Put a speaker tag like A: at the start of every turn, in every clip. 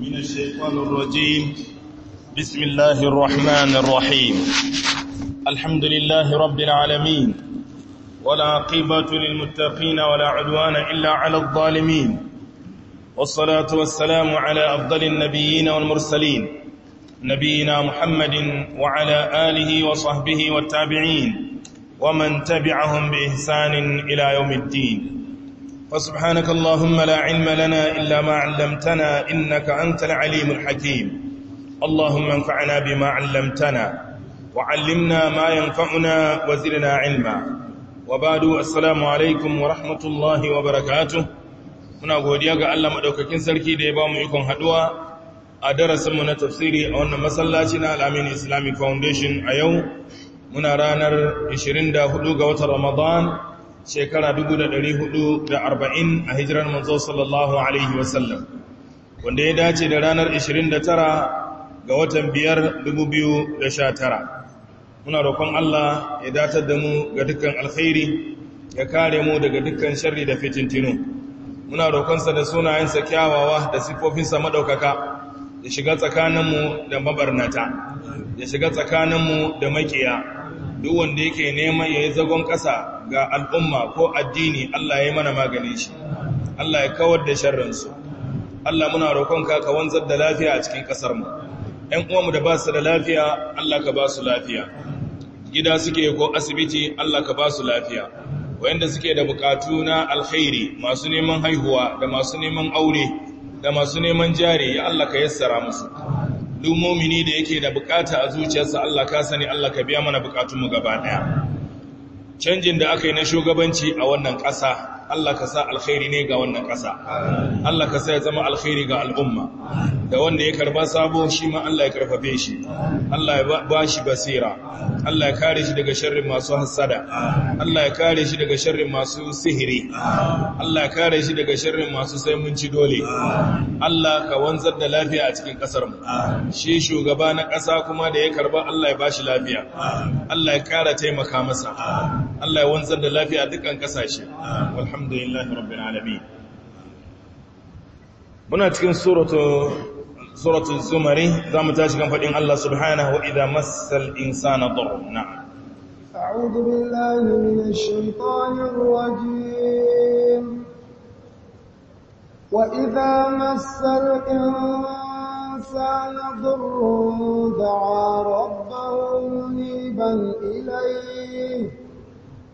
A: من الشيطان الرجيم بسم الله الرحمن الرحيم الحمد لله رب العالمين ولا عقبة للمتقين ولا عدوان إلا على الظالمين والصلاة والسلام على أفضل النبيين والمرسلين نبينا محمد وعلى آله وصحبه والتابعين ومن تبعهم بإحسان إلى يوم الدين فسبحانك اللهم لا علم لنا إلا ما علمتنا إنك أنت العليم الحكيم اللهم انفعنا بما علمتنا وعلمنا ما ينفعنا وزرنا علما وبعد السلام عليكم ورحمة الله وبركاته muna godiya ga Allah madaukakin sarki da ya ba mu ikon haɗuwa?" a darasinmu na tafsiri a wannan masallaci na Al-Amin Islamic Foundation a yau muna ranar 24 ga watan Ramadan shekara da arba'in a hijirar manzo sallallahu alaihi wasallam wanda ya dace da ranar 29 ga watan biyar sha tara. muna roƙon Allah ya datar da mu ga dukkan alkhairi ya kare mu daga dukkan sharri da fitintinu muna roƙonsa da sunayensa kyawawa da siffofinsa maɗaukaka ya shiga tsakaninmu da mabarnata ya shiga tsakaninmu da makiya duk wanda yake neman ya yi zagon ƙasa ga al'umma ko addini Allah ya yi mana magani shi Allah ya kawar da sharrinsu Allah muna roƙon ka wanzar da lafiya a cikin ƙasarmu ‘yan uwanmu da ba su da lafiya Allah ka ba su lafiya gida suke ko asibiti Allah ka ba su lafiya wayanda suke da buƙatu na alkhairi masu neman haihuwa da masu neman aure da masu neman jari ya Allah ka yassara musu duk mumini da yake da bukata a zuciyarsa Allah ka sani Allah ka biya mana bukatunmu gaba daya canjin da aka yi na shugabanci a wannan ƙasa Allah ka sa alkhairi ne ga wannan ƙasa Allah ka sa ya zama alkhairi ga al'umma da wanda ya karba sabo shi ma Allah ya karfafe shi Allah ya ba shi basira Allah ya kare shi daga sharrin masu hassada Allah ya kare shi daga sharrin masu sihiri Allah ya kare shi daga sharrin masu sai mun ci dole Allah ka wanzar da lafiya a cikin ƙasarmu. shi shugaba na ƙasa kuma da ya karba Allah ya ba shi lafiya Allah ya kara taimaka masa Allah ya wanzar da lafiya dukkan kasashe alhamdulillahi rabbil alamin muna cikin suratu suratu zumari zamu tashi kan fadin Allah subhanahu wa idza massal insana darrun na'am
B: a'udhu billahi minash shaitanir rajim wa idza massal insana darrun da'a rabbahu niban ilayhi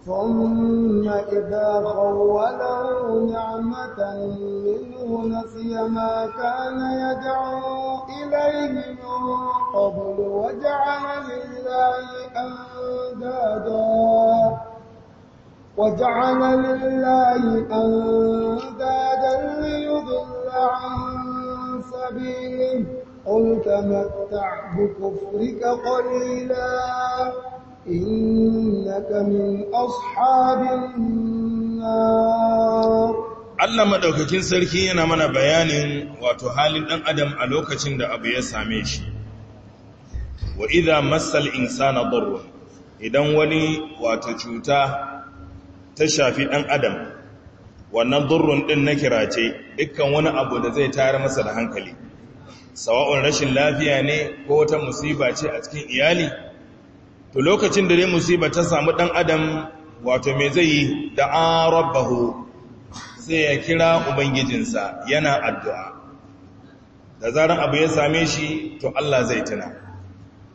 B: ثم إذا خوله نعمة منه نسي ما كان يدعو إليه من قبل وجعل لله أندادا وجعل لله أندادا ليضل عن سبيله قل تمتع بكفرك قليلا innaka min ashabin nar
A: Allah madaukakin sarki yana mana bayanin wato halin dan adam a lokacin da abu ya same shi wa idza massal insana darr idan wani wato cuta ta shafi dan adam wannan durrun din na kirace dukkan wani abu da zai tayar masa da hankali sawa'un rashin lafiya ne ko wata musiba ce a cikin iyali to lokacin da dai musiba ta samu dan adam wato me zai yi da rabbahu sai ya kira ubangijinsa yana addu'a da zaran abu ya same shi to Allah zai tuna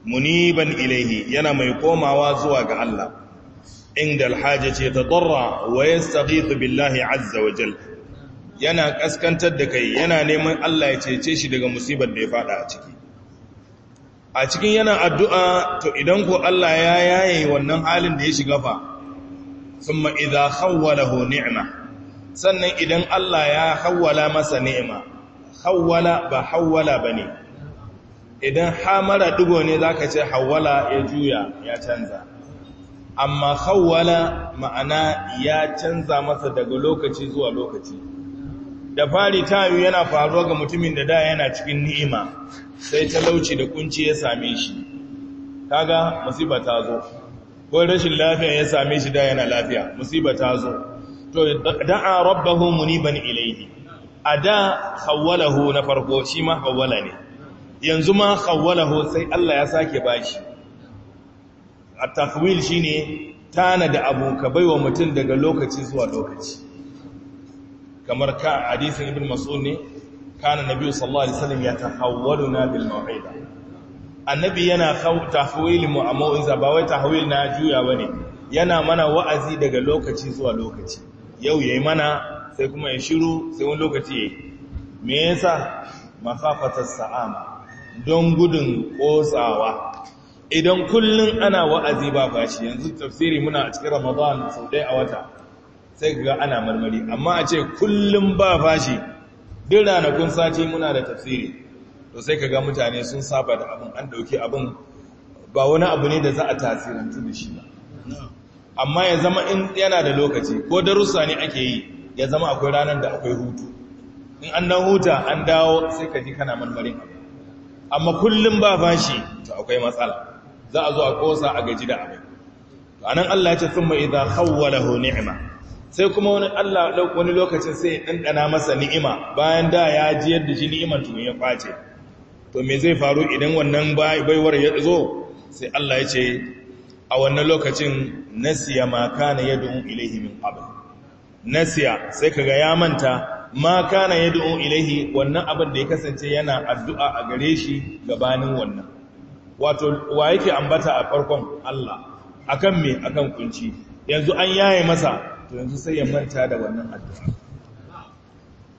A: muniban ilaihi yana mai komawa zuwa ga Allah inda ce ta ɗorra wa su billahi azza wa jal yana ƙaskantar da kai yana neman Allah ya cece shi daga musibar da ya fada a ciki a cikin yana addu'a to idan ku Allah ya yaye wannan halin da ya shiga fa sun hawwala ho ni'ima sannan idan Allah ya hawwala masa ni'ima hawwala ba hawwala ba ne idan hamara ɗigo ne za ka ce hawwala ya juya ya canza amma hawwala ma'ana ya canza masa daga lokaci zuwa lokaci da fari ta tayu yana faruwa ga mutumin da da yana cikin ni'ima sai talauci da kunci ya same shi kaga musiba ta zo ko rashin lafiya ya same shi da yana lafiya musiba ta zo to da'a rabbahu muniban ilayhi ada khawwalahu na farko shi ma khawwala ne yanzu ma khawwalahu sai Allah ya sake bashi at tahwil shine tana da abu ka baiwa mutum daga lokaci zuwa lokaci kamar ka hadisun ibn mas'ud ne kana nabi sallallahu alaihi wasallam yatahawwaluna bil mau'ida annabi yana mu a mu'amuza ba wai tahwil na juya bane yana mana wa'azi daga lokaci zuwa lokaci yau yayi mana sai kuma ya shiru sai wani lokaci yayi me yasa mafafatas sa'ama don gudun kotsawa idan kullum ana wa'azi ba fashi yanzu tafsiri muna a cikin ramadan sau ɗaya a wata sai ga ana marmari amma a ce kullum ba fashi duk ranakun sati muna da tafsiri to sai kaga mutane sun saba da abin an dauki abin ba wani abu ne da za a tasirantu da shi ba amma ya zama in yana da lokaci ko darussa ne ake yi ya zama akwai ranar da akwai hutu in an dan huta an dawo sai ka kana marmarin abu amma kullum ba fashi to akwai matsala za a zo a kosa a gaji da abin to anan Allah ya ce summa idza khawwalahu ni'ma sai kuma wani Allah wani lokacin sai ya ɗanɗana masa ni'ima bayan da ya ji yadda shi ni'imar tun ya kwace to me zai faru idan wannan baiwar ya zo sai Allah ya ce a wannan lokacin nasiya ma kana yad'u ilahi min abu nasiya sai kaga ya manta ma kana yad'u ilahi wannan abin da ya kasance yana addu'a a gare shi gabanin wannan wato wa yake ambata a farkon Allah akan me akan kunci yanzu an yaye masa to yanzu sai ya manta da wannan addu'a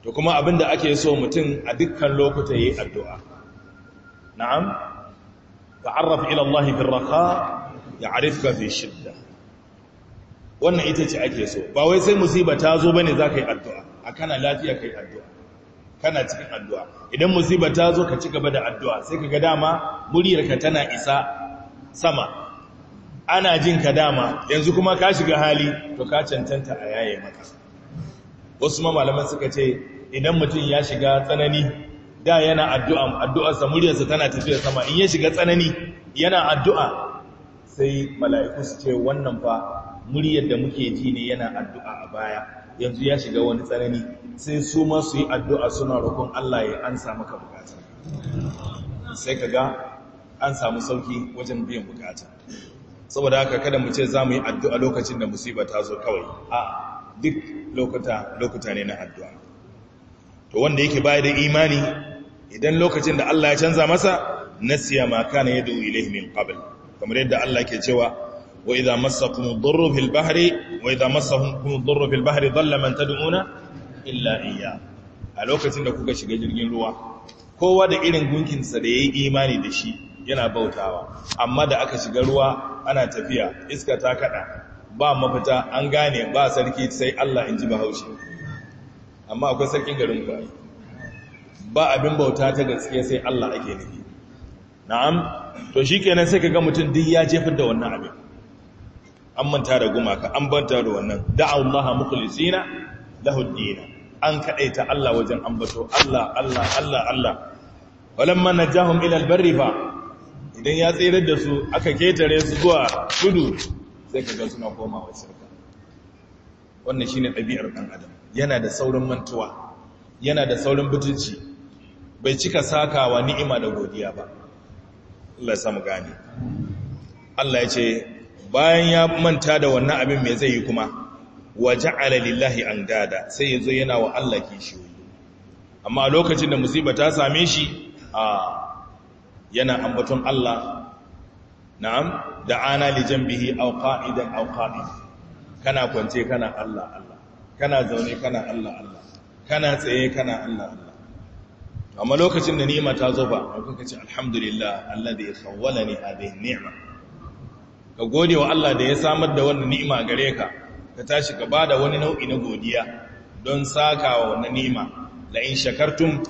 A: to kuma abin da ake so mutum a dukkan lokuta yi addu'a na'am ka ila ilallahi fi raqa ya'rifka fi shidda wannan ita ce ake so ba wai sai musiba ta zo bane ka yi addu'a A kana lafiya ka yi addu'a kana cikin addu'a idan musiba ta zo ka ci gaba da addu'a sai ka ga dama muryarka tana isa sama ana jin ka dama yanzu kuma ka shiga hali to ka cancanta a yaye maka wasu mamalaman suka ce idan mutum ya shiga tsanani da yana addu'a addu'arsa muryarsa tana tafiya sama in ya shiga tsanani yana addu'a sai mala'iku su ce wannan fa muryar da muke ji ne yana addu'a a baya yanzu ya shiga wani tsanani sai su ma su yi addu'a suna roƙon Allah ya ansa maka bukata sai kaga an samu sauki wajen biyan bukata saboda haka kada mu ce za mu yi addu'a lokacin da musiba ta zo kawai a duk lokuta ne na addu'a to wanda yake baya da imani idan lokacin da Allah ya canza masa nasiya ma kana yadda ilayhi lehmin qabl kamar yadda Allah ke cewa wa idan masa kuma darru fil bahri wa idan masa kuma darru fil bahri dhalla man illa iya. a lokacin da kuka shiga jirgin ruwa kowa da irin gunkinsa da ya yi imani da shi yana bautawa amma da aka shiga ruwa ana tafiya iska ta kada ba mafita an gane ba sarki sai Allah in ji bahaushe amma akwai sarkin garin ku ba abin bauta ta gaskiya sai Allah ake nufi na'am to shikenan sai kaga mutum duk ya jefar da wannan abin an manta da gumaka an banta da wannan da'a Allah mukhlisina lahu ad-din an kadaita Allah wajen ambato Allah Allah Allah Allah walamma najahum ila al-barri fa idan ya tsirar da su aka ketare su zuwa tudu sai ka ga suna komawa shirka wannan shi ne ɗabi'ar ɗan yana da saurin mantuwa yana da saurin butunci bai cika sakawa ni'ima da godiya ba Allah ya samu gane Allah ya ce bayan ya manta da wannan abin mai zai yi kuma waje alalillahi an dada, sai ya zo yana wa Allah kishiyoyi amma lokacin da musiba ta same shi a yana ambaton Allah na'am da ana lijan bihi aw qa'idan aw qa'id kana kwance kana Allah Allah kana zaune kana Allah Allah kana tsaye kana Allah Allah amma lokacin da ni'ma ta zo ba kuka ce alhamdulillah Allah da ya kawwala alladhi a hadhihi ni'ma ka gode wa Allah da ya samar da wannan ni'ima gare ka ka tashi ka bada wani nau'i na godiya don sakawa wannan ni'ima la'in in shakartum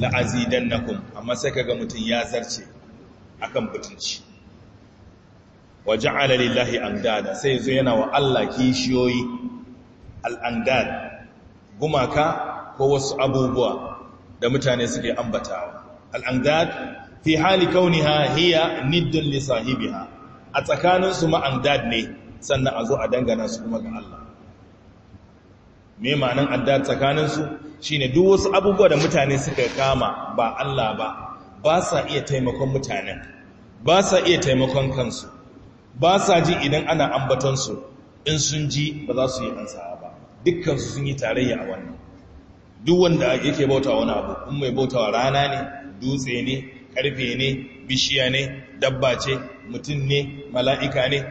A: La'azidan na kun amma sai ka ga mutum ya zarce a akan butunci waja'ala an dada sai zo yana wa Allah kishiyoyi al’an dada gumaka ko wasu abubuwa da mutane suke ambatawa al’an dada fi hali ha, hiya niddun lissahibi ha. a tsakaninsu ma dada ne sannan a zo a dangana su kuma ga Allah me ma'anan adda tsakaninsu shine duk wasu abubuwa da mutane suka kama ba Allah ba ba sa iya taimakon mutanen ba sa iya taimakon kansu ba sa ji idan ana ambatonsu in sun ji ba za su yi ansa ba dukkansu sun yi tarayya a wannan duk wanda yake bauta wani abu in mai bauta rana ne dutse ne karfe ne bishiya ne dabba ce mutum ne mala'ika ne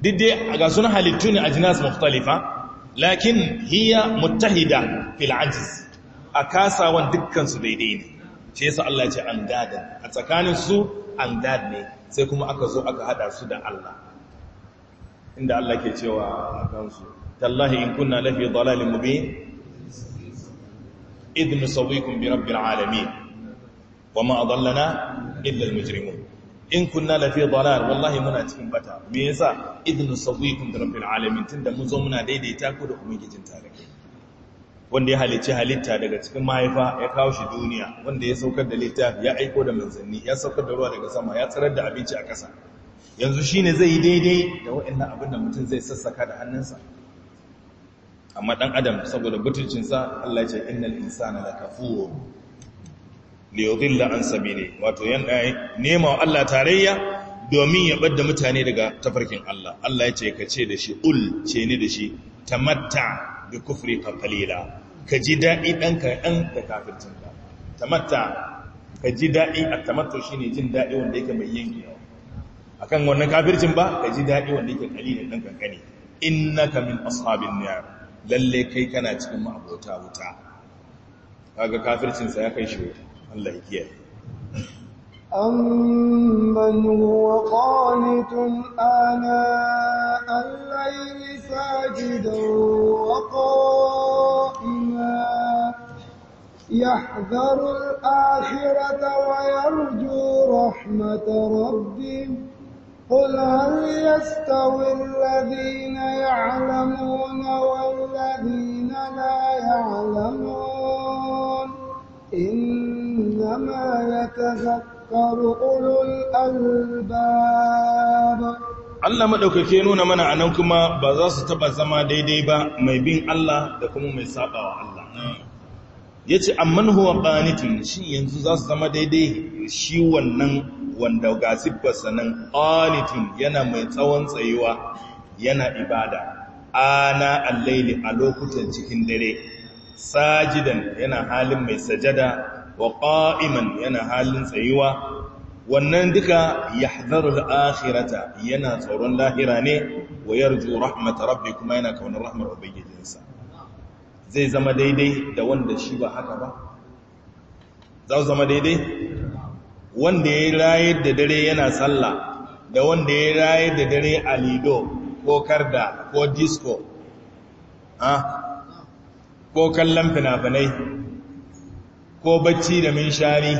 A: duk dai ga sunan halittu ne a jinas mukhtalifa lakin hiya muttahida fil ajiz a kasawan dukkansu daidai ne shi yasa Allah ce an a tsakanin su andad ne sai kuma aka zo aka hada su da Allah inda Allah ke cewa a kansu tallahi in kunna lafi dalalin mubin idh nusawwikum bi rabbil alamin wama adallana illa al mujrimun in kunna lafi dalal wallahi muna cikin bata me yasa idnu sabiqun da rabbil alamin tunda mun zo muna daidaita ku da ubangijin tarihi wanda ya halicci halitta daga cikin mahaifa ya kawo shi duniya wanda ya saukar da littafi ya aiko da manzanni ya saukar da ruwa daga sama ya tsarar da abinci a ƙasa yanzu shi ne zai yi daidai da wa'annan abin da mutum zai sassaka da hannunsa amma dan adam saboda sa Allah ya ce innal insana lakafur yudilla an sabili wato yana nema wa Allah tarayya domin ya bada mutane daga tafarkin Allah Allah ya ce ka ce da shi ul ce ni da shi tamatta bi kufri ka kalila. ka ji daɗi dan ka dan da kafircin ka tamatta ka ji a at-tamattu shine jin daɗi wanda yake mai A akan wannan kafircin ba ka ji daɗi wanda yake qalilin dan kankani innaka min ashabin nar lalle kai kana cikin ma'abota wuta kaga kafircin sa ya kai shi wuta Allah ya
B: أمن هو قانت آناء الليل ساجدا وقائما يحذر الآخرة ويرجو رحمة ربه قل هل يستوي الذين يعلمون والذين لا يعلمون إن إنما يتذكر أولو الألباب
A: Allah maɗaukake nuna mana a nan kuma ba za su taɓa zama daidai ba mai bin Allah da kuma mai saɓawa Allah. Ya ce, Amman huwa tun shi yanzu za su zama daidai shi wannan wanda ga siffarsa nan ƙanitun yana mai tsawon tsayuwa yana ibada, ana allaili a lokutan cikin dare, sajidan yana halin mai sajada wa qa'iman yana halin tsayuwa wannan duka yahzaru al-akhirata yana tsoron lahira ne wa yarju rahmat rabbi kuma yana kaunar rahmar ubangijinsa zai zama daidai da wanda shi ba haka ba za su zama daidai wanda ya rayar da dare yana sallah da wanda ya rayar da dare a lido ko karda ko disco ah, ko kallon fina-finai ko bacci da minshari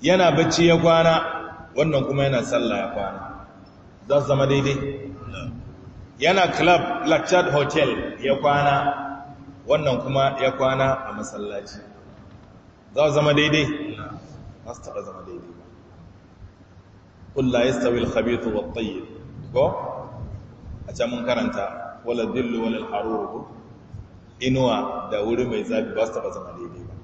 A: yana bacci ya kwana wannan kuma yana sallah ya kwana za su zama daidai yana club lactate hotel ya kwana wannan kuma ya kwana a masallaci za su zama daidai za su taɓa zama daidai ba ƙulla ya stabil khabitu wa tsayi ko a can mun karanta wala dillu wala haruru inuwa da wuri mai zafi ba su taba zama daidai ba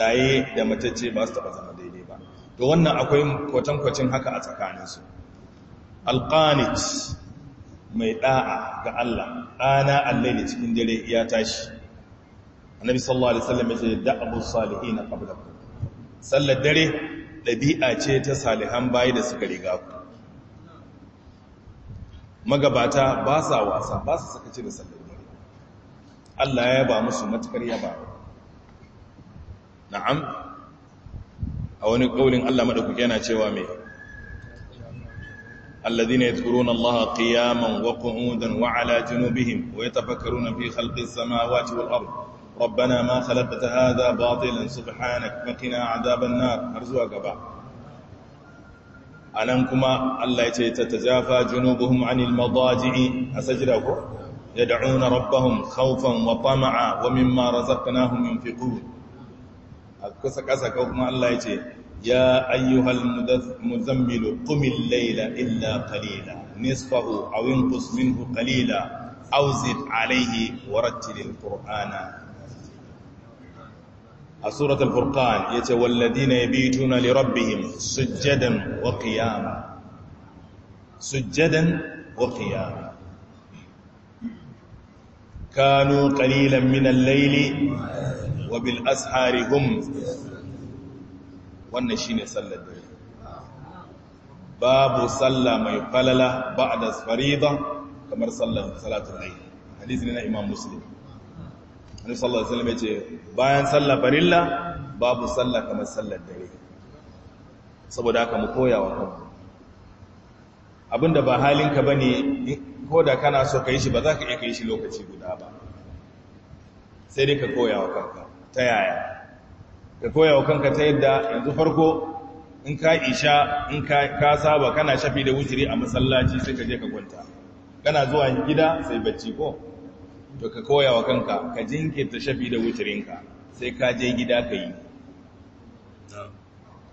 A: raye da matacce ba su taba zama daidai ba to wannan akwai kwatankwacin haka a tsakaninsu alkanit mai da'a ga Allah ana da cikin dare ya tashi annabi sallallahu alaihi wasallam yace da'abu salihin qablakum sallar dare dabi'a ce ta salihan bayi da suka riga ku magabata ba sa wasa ba su sakaci da sallar Allah ya ba musu matukar yaba na'am a wani kaulin Allah madaku yana cewa me alladhina yadhkuruna Allaha qiyaman wa qu'udan wa 'ala junubihim wa yatafakkaruna fi khalqis samawati wal ard ربنا ما خلقت هذا باطلا سبحانك فقنا عذاب النار ارزوا غبا انكم الله يتجافى جنوبهم عن المضاجع اسجدوا yad'una rabbahum khawfan wa tama'a wa mimma razaqnahum yunfiqun akusa kasa ka kuma Allah yace ya ayyuhal muzammil qum al-layla illa qalila nisfahu aw inqus minhu qalila aw zid 'alayhi warattilil qur'ana a surat al-furqan yace wal ya yabituna li rabbihim sujadan wa qiyama kanu qalilan min al-layli wa bil ashari wannan shine sallar dare babu salla mai falala ba'da fariida kamar sallar salatul layl hadisi ne na imam muslim annabi sallallahu alaihi wasallam yace bayan sallar farilla babu salla kamar sallar dare saboda haka mu koyawa kanmu abinda ba halinka bane ko da kana so ka yi shi ba za ka iya ka yi shi lokaci guda ba sai dai ka koya wa kanka ta yaya ka koya wa kanka ta yadda yanzu farko in ka isha in ka saba kana shafi da wuturi a masallaci sai ka je ka kwanta kana zuwa gida sai bacci ko to ka koya wa kanka ka ta shafi da wuturinka sai ka je gida ka yi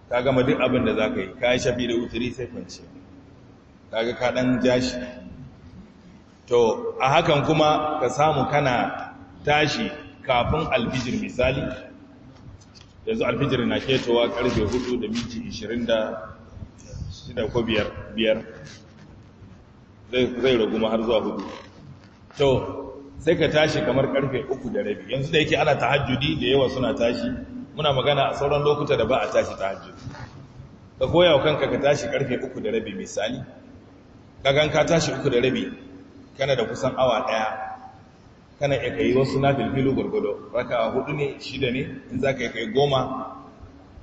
A: ka gama duk abin da za ka yi ka yi shafi da wuturi sai kwanci ka ga ka ɗan jashi to a hakan kuma ka samu kana tashi kafin alfijir misali yanzu alfijir na ketowa karfe 4 da minti 26 ko 5 zai raguma har zuwa 4 to sai ka tashi kamar karfe 3 da rabi yanzu da yake ana tahajjudi da yawa suna tashi muna magana a sauran lokuta da ba a tashi tahajjudi ka koya wa kanka ka tashi karfe 3 da rabi misali gan ka tashi 3 da rabi kana da kusan awa ɗaya kana ya kai wasu na filfilu gwargwado raka hudu ne shida ne in za ka yi kai goma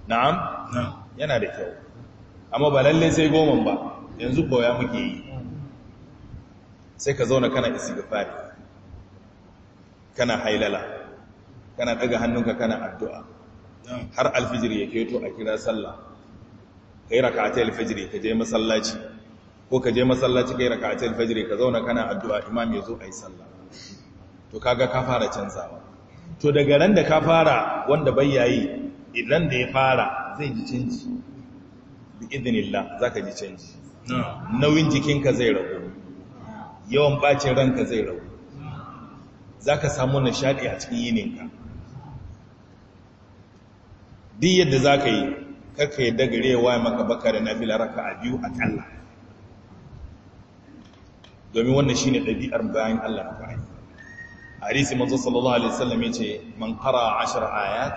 A: na'am yana da kyau amma ba lalle sai goma ba yanzu koya muke yi sai ka zauna kana fari kana hailala kana daga hannunka kana addu'a har alfijir ya keto a kira sallah kai ta alfijir ka je masallaci ko ka je masallaci kai raka'atul fajr ka zauna kana addu'a imam ya zo ayi sallah to kaga ka fara canzawa to daga ran da ka fara wanda bai idan da ya fara zai ji canji bi idnillah zaka ji canji nauyin jikinka zai ragu yawan bacin ranka zai ragu zaka samu nishadi a cikin yininka duk yadda zaka yi kakka yadda garewa maka baka da nafila raka'a biyu a talla. domin wannan ne ɗabi'ar bayan Allah na fa'i hadisi manzo sallallahu alaihi wasallam ce, man qara 10 ayat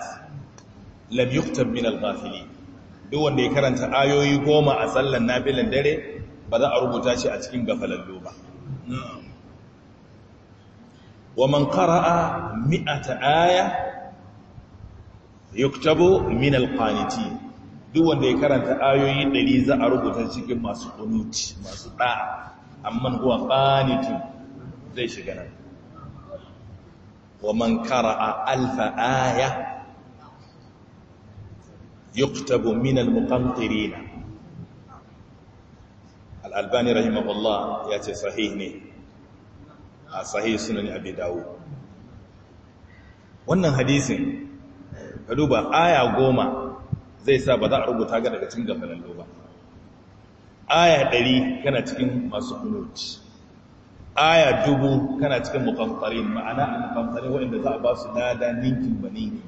A: lam yuktab min al-ghafilin duk wanda ya karanta ayoyi goma a na nafilan dare ba za a rubuta shi a cikin gafalallo ba wa man qara'a mi'ata aya yuktabu min alqaniti duk wanda ya karanta ayoyi 100 za a rubuta cikin masu qunuti masu da'a amma huwa qanitun zai shiga nan wa man qara'a alfa aya yuktabu min al-muqantirin al-albani rahimahullah ya ce sahih ne a sahih sunan abi dawud wannan hadisin ka duba aya goma zai sa ba za a rubuta ga daga cin gafalallo ba aya ɗari kana cikin masu kunoci aya dubu kana cikin mukamfari ma'ana a mukamfari waɗanda za a ba su lada ninkin ba ninkin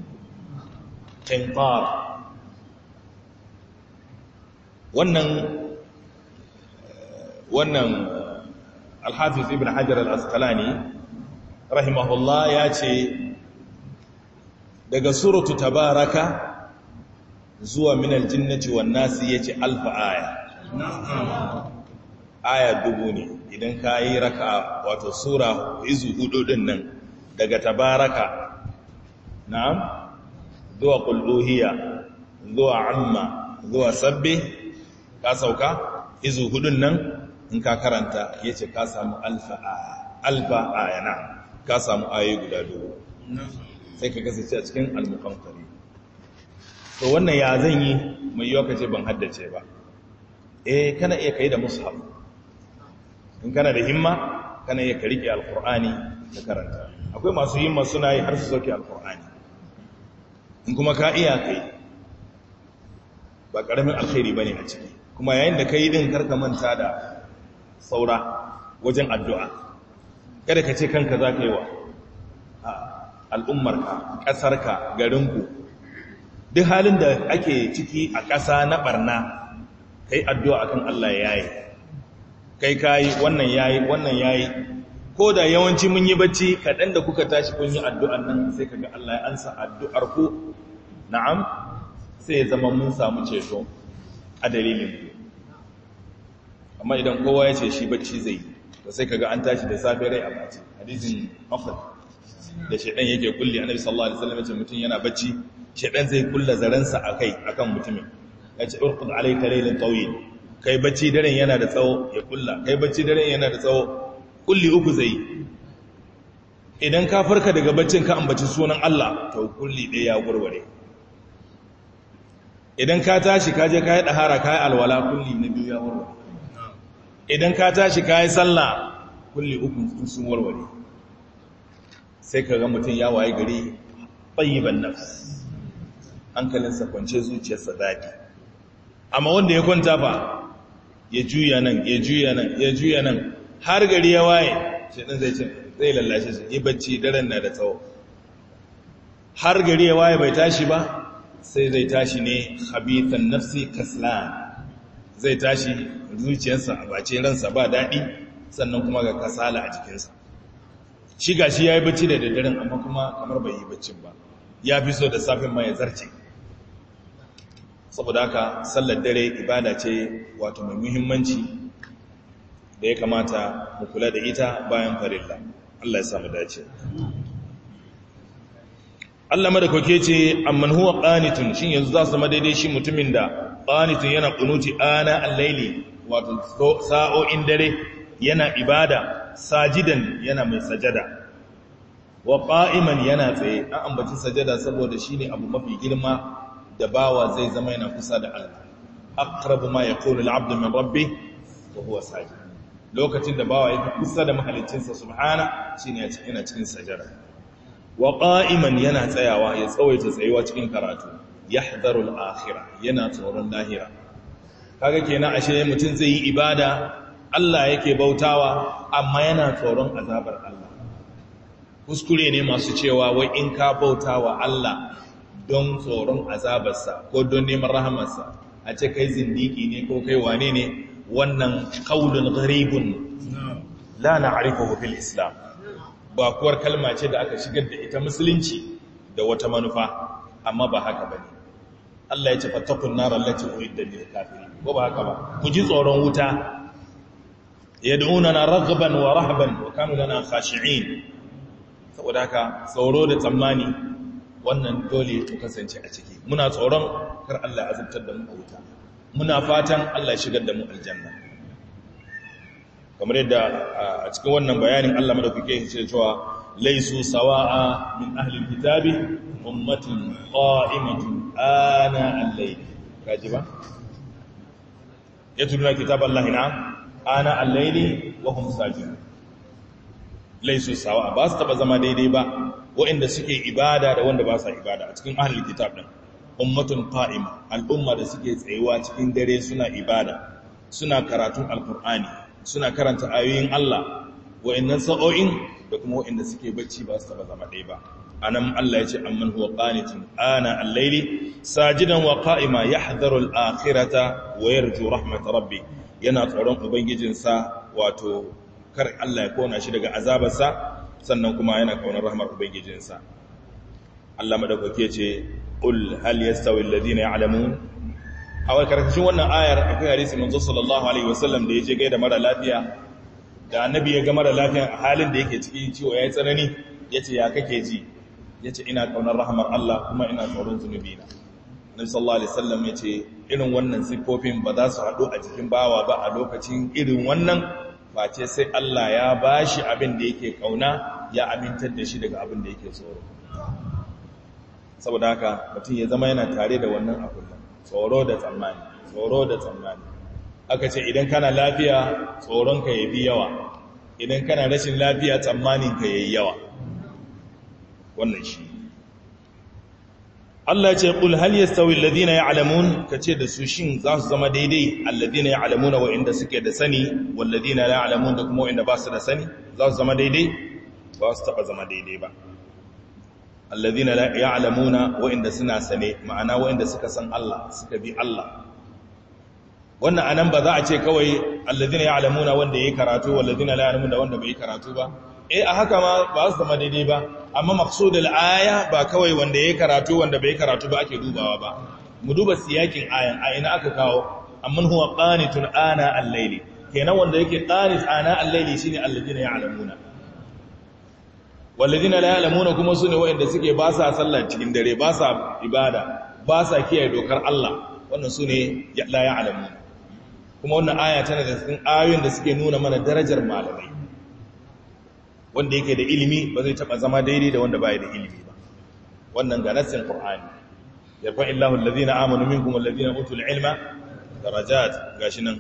A: wannan wannan alhafiz ibn hajar al-asqalani rahimahullah ya ce daga suratu tabaraka zuwa minal jinnati wannan nasi yace alfa aya aya dubu ne idan ka yi raka wato sura izu hudu din nan daga tabaraka na'am zuwa kulluhiya zuwa amma zuwa sabbi ka sauka izu hudun nan in ka karanta ya ce ka samu alfa yana ka samu ayi guda dubu sai ka kasance a cikin almukamfari to wannan ya zan yi mai yau ka ce ban haddace ba eh kana iya kai da mushaf in kana da himma kana iya ka alqur'ani ka karanta akwai masu himma suna yi har su sauke alqur'ani in kuma ka iya kai ba karamin alkhairi bane a ciki kuma yayin da kai din karka manta da saura wajen addu'a kada ka ce kanka za ka yi wa al'ummarka ƙasarka garinku duk halin da ake ciki a ƙasa na barna kai addu'a akan Allah ya yi kai yi wannan ya yi wannan ya yi. ko da yawanci mun yi bacci kaɗan da kuka tashi kun yi addu'an nan sai ka ga Allah ya ansa addu'ar ku na'am sai zama mun samu ceto a dalilin amma idan kowa ya ce shi bacci zai to sai kaga an tashi da safe rai a bacci. hadisin afdal da shaɗan yake kulle, annabi sallallahu alaihi wasallam ya ce mutum yana bacci shaɗan zai kulla zaransa akai akan mutumin ya ce urkud alayka laylan tawil kai bacci daren yana da tsawo ya kulla kai bacci daren yana da tsawo kulli uku zai idan ka farka daga baccin ka ambaci sunan Allah to kulli ɗaya ya gurware idan ka tashi ka je ka yi ɗahara ka yi alwala kulli na biyu ya warware idan ka tashi ka yi sallah kulli uku sun warware sai ka ga mutum ya waye gari tsayiban nafs hankalinsa kwance zuciyarsa daɗi amma wanda ya kwanta fa ya juya nan ya juya nan ya juya nan har gari ya waye ɗin zai ce zai lalace shi yi bacci daren na da tsawo har gari ya waye bai tashi ba sai zai tashi ne habithan nafsi kaslan zai tashi zuciyarsa a bace ransa ba daɗi sannan kuma ga kasala a jikinsa shi ya yi bacci da daddaren amma kuma kamar bai yi baccin ba ya fi so da safin ma ya zarce saboda haka sallar dare ibada ce wato mai muhimmanci da ya kamata mu kula da ita bayan farilla Allah ya samu dace Allah madaukake ce amman huwa qanitun shin yanzu za su zama daidai shi mutumin da qanitun yana qunuti ana al-laili wato sa'o'in dare yana ibada sajidan yana mai sajada wa qa'iman yana tsaye an ambaci sajada saboda shine abu mafi girma da bawa zai zama yana kusa da Allah aqrab ma yaqulu al abd min rabbi wa huwa sajid lokacin da bawa yake kusa da mahaliccinsa subhana shine yana cikin sajada wa qa'iman yana tsayawa ya tsawaita tsayuwa cikin karatu yahdharu al-akhirah yana tsoron lahira kaga kenan ashe mutum zai yi ibada Allah yake bautawa amma yana tsoron azabar Allah kuskure ne masu cewa wai in ka bautawa Allah don tsoron azabarsa ko don neman rahamarsa a ce kai zindiki ne ko kai wane ne wannan kaulun garibun la na na'rifuhu fil islam ba kuwar kalma ce da aka shigar da ita musulunci da wata manufa amma ba haka ba ne. Allah ya ce fattakun nar allati uiddat lil kafiri ko ba haka ba ku ji tsoron wuta na raghaban wa rahaban wa kanu lana khashi'in saboda haka tsoro da tsammani wannan dole ta kasance a ciki muna tsoron kar Allah ya azabtar da mu a wuta muna fatan Allah ya shigar da mu aljanna kamar yadda a cikin wannan bayanin Allah madaukake ya ce cewa laisu sawa'a min ahli kitabi ummatun qa'imatun ana al-layl kaji ba kitab Allah na ana al-layli wa hum sajidun laysu sawa'a ba su taba zama daidai ba Wa'inda suke ibada da wanda ba sa ibada a cikin ahalin kitab ɗin ummatun fa'ima, al'umma da suke tsayuwa cikin dare suna ibada suna karatun Alkur'ani, suna karanta ayoyin Allah nan sa'o'in da kuma wa'inda suke bacci ba su taba zama ɗaya ba A nan Allah ya ce amman huwa qanitun ana al sajidan wa qa'ima yahdharu al-akhirata wa yarju rahmat rabbi yana tsoron ubangijinsa wato kar Allah ya kona shi daga azabarsa sannan kuma yana kaunar rahmar ubangijinsa Allah madaukake ce qul hal yastawi alladhina ya'lamun a karkashin wannan ayar akwai hadisi manzo sallallahu alaihi wasallam da yaje gaida mara lafiya da annabi ya ga mara lafiya a halin da yake cikin ciwo yayi tsanani yace ya kake ji yace ina kaunar rahmar Allah kuma ina tsoron zunubina annabi sallallahu alaihi wasallam yace irin wannan sifofin ba za su hadu a cikin bawa ba a lokacin irin wannan face sai Allah ya bashi abin da yake kauna ya amintar da shi daga abin da yake tsoro saboda haka mutum ya zama yana tare da wannan abin da tsoro da tsammani tsoro da tsammani aka ce idan kana lafiya tsoronka ya bi yawa idan kana rashin lafiya tsammaninka ya yi yawa wannan shi Allah ce kul hal yastawi alladhina ya'lamun kace da su shin za su zama daidai alladhina ya'lamuna wa inda suke da sani wal ladina la ya'lamun da kuma inda ba su da sani za su zama daidai ba su taba zama daidai ba alladhina la ya'lamuna wa inda suna sane ma'ana wa inda suka san Allah suka bi Allah wannan anan ba za a ce kawai alladhina ya'lamuna wanda yayi karatu wal ladina la ya'lamuna wanda bai karatu ba eh a haka ma ba su zama daidai ba amma maksudul aya ba kawai wanda ya karatu wanda bai karatu ba ake dubawa ba mu duba siyakin ayan a ina aka kawo amman huwa qanitun ana al-layli kenan wanda yake qanit ana al-layli shine alladina ya'lamuna walladina la ya'lamuna kuma sune wanda suke ba sa sallah cikin dare ba sa ibada ba sa kiyaye dokar Allah wannan sune la ya'lamuna kuma wannan aya tana da cikin ayoyin da suke nuna mana darajar malamai wanda yake da ilimi ba zai taba zama daidai da wanda baya da ilimi ba wannan ga nassin qur'ani yarfa illahu allazina amanu minkum utul ilma darajat gashi nan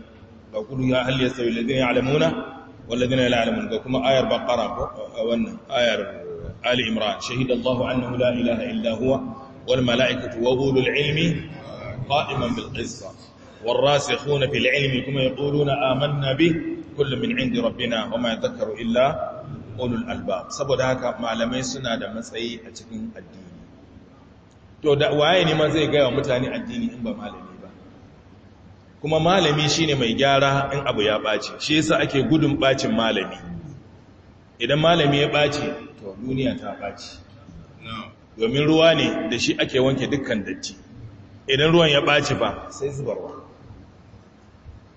A: ga kullu ya hal yasawi allazina ya'lamuna la ya'lamun ga kuma ayar baqara wannan ayar uh, ali imran shahida allah annahu la ilaha illa huwa wal malaikatu wa ulul ilmi qa'iman bil qisas والراسخون في العلم كما يقولون آمنا به كل من عند ulul albab saboda haka malamai suna da matsayi a cikin addini to da waye ne ma zai gaya wa mutane addini in ba malami ba kuma malami shine mai gyara in abu ya baci shi yasa ake gudun ɓacin malami idan malami ya baci to duniya ta ɓaci domin ruwa ne da shi ake wanke dukkan datti idan ruwan ya baci ba sai zubarwa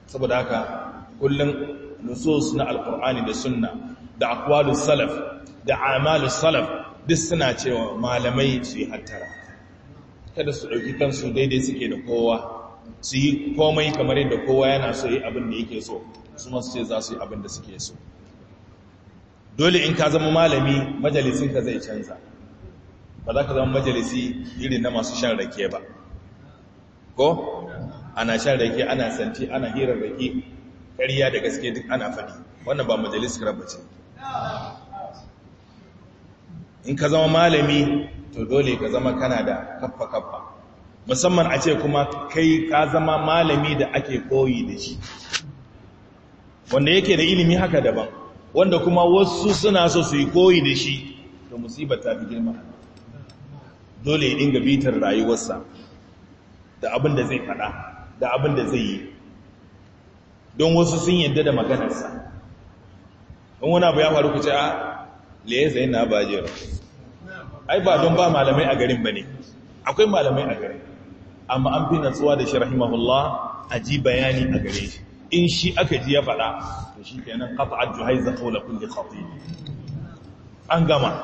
A: saboda haka kullum nusus na alkur'ani da sunna da akwalus salaf da amalus salaf duk suna cewa malamai su yi hattara kada su ɗauki kansu daidai suke da kowa su yi komai kamar yadda kowa yana so yi abin da yake so su masu ce za su yi abin da suke so dole in ka zama malami majalisinka zai canza ba za ka zama majalisi iri na masu shan rake ba ko ana shan rake ana santi ana hirar rake ƙarya da gaske duk ana faɗi wannan ba majalisar rabace in ka zama malami to dole ka zama kana da kaffa-kaffa musamman a ce kuma kai ka zama malami da ake koyi da shi wanda yake da ilimi haka daban wanda kuma wasu suna so su yi koyi da shi to musibar ta fi girma dole ya dinga bitar rayuwarsa da abin da zai fada da abin da zai yi don wasu sun yadda da maganarsa in wani abu ya faru ku ce ah, a zai na ba jiyar ai ba don ba malamai a garin ba ne akwai malamai a garin amma an fi natsuwa da shi rahimahullah a ji bayani a gare shi in shi aka ji ya faɗa to shi kenan kafa ajuhai za kaula kulle kafi an gama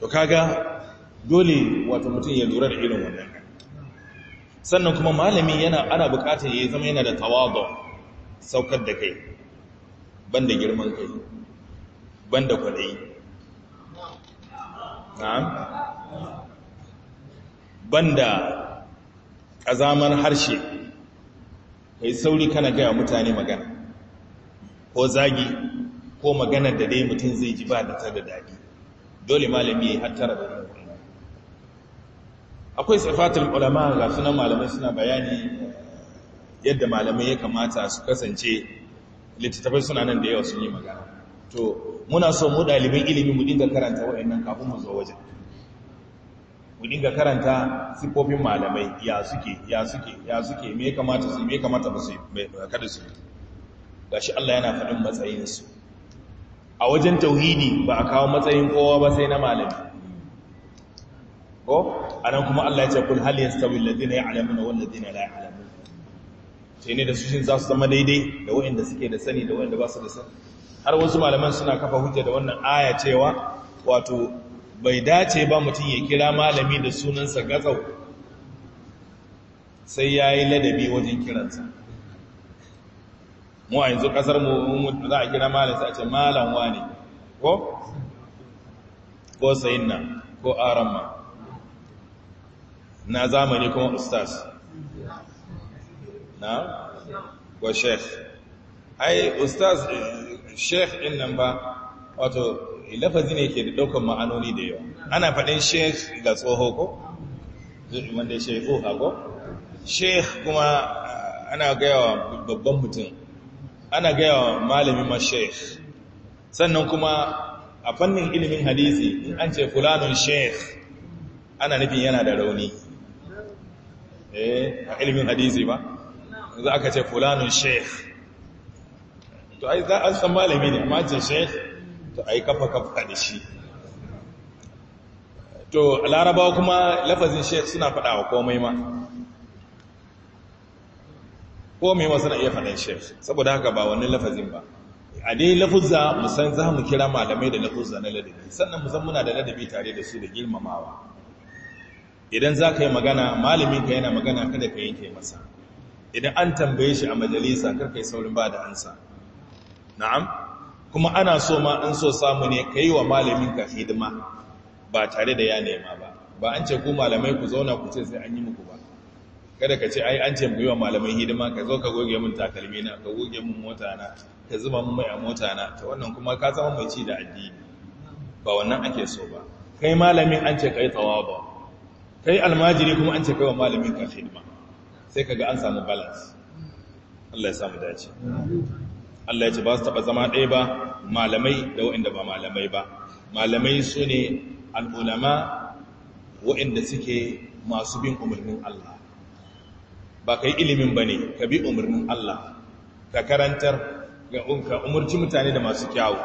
A: to kaga dole wato mutum ya lura da irin wannan sannan kuma malami yana ana bukatar ya zama yana da tawadu saukar da kai ban da girman kai ban da kwadayi ban da ƙazamar harshe kai sauri kana gaya mutane magana ko zagi ko magana da dai mutum zai ji ba da ta da daɗi dole malami ya hattara da akwai sifatul ulama ga sunan malamai suna bayani yadda malamai ya kamata su kasance littattafai suna nan da yawa sun yi magana to muna so mu ɗaliban ilimi mu dinga karanta waɗannan kafin mu zo wajen mu dinga karanta siffofin malamai ya suke ya suke ya suke me kamata su me kamata ba su kada su gashi Allah yana faɗin matsayinsu a wajen tauhidi ba a kawo matsayin kowa ba sai na malami ko anan kuma Allah ya ce kul hal yastawi alladhina ya'lamuna wal ladina la ya'lamun sai ne da su za su zama daidai da waɗanda suke da sani da waɗanda ba su da sani har wasu malaman suna kafa hujja da wannan aya cewa wato bai dace ba mutum ya kira malami da sunansa gatsau sai ya yi ladabi wajen kiransa mu a yanzu kasar mu za a kira malam sa a ce malam ne ko ko na ko aramma na zamani kuma ustaz na wa sheikh ai ustaz eh, sheikh din ba wato eh, lafazi ne ke da daukar ma'anoni da yawa ana faɗin sheikh ga tsoho ko da sheikh ko sheikh kuma eh, ana gaya wa babban mutum ana gaya wa malami ma sheikh sannan kuma a fannin ilimin hadisi in an ce fulanun sheikh ana nufin yana da rauni eh a ilimin hadisi ba za aka ce fulanun sheikh to ai za a san malami ne amma ce sheikh to ai kafa kafa da shi to larabawa kuma lafazin sheikh suna fada wa komai ma komai ma suna iya faɗan sheikh saboda haka ba wani lafazin ba a dai lafuzza musan za mu kira malamai da lafuzza na ladabi sannan musan muna da ladabi tare da su da girmamawa idan za ka yi magana malamin ka yana magana kada ka yanke masa idan an tambaye shi a majalisa karka yi saurin ba da ansa na'am kuma ana so ma an so samu ne ka yi wa malamin ka hidima ba tare da ya nema ba ba an ce ku malamai ku zauna ku ce sai an yi muku ba kada ka ce ai an ce yi wa malamai hidima ka zo ka goge mun takalmi na ka goge mun mota na ka zuba mun mai a mota na ta wannan kuma ka zama mai ci da addini ba wannan ake so ba kai malamin an ce kai tsawa ba kai almajiri kuma an ce kai wa malamin ka hidima sai kaga an samu balance Allah ya samu dace Allah ya ce ba su taba zama ɗaya ba malamai da waɗanda ba malamai ba malamai su ne al'ulama waɗanda suke masu bin umarnin Allah ba ka yi ilimin ba ne ka bi umarnin Allah ka karantar ka umarci mutane da masu kyawu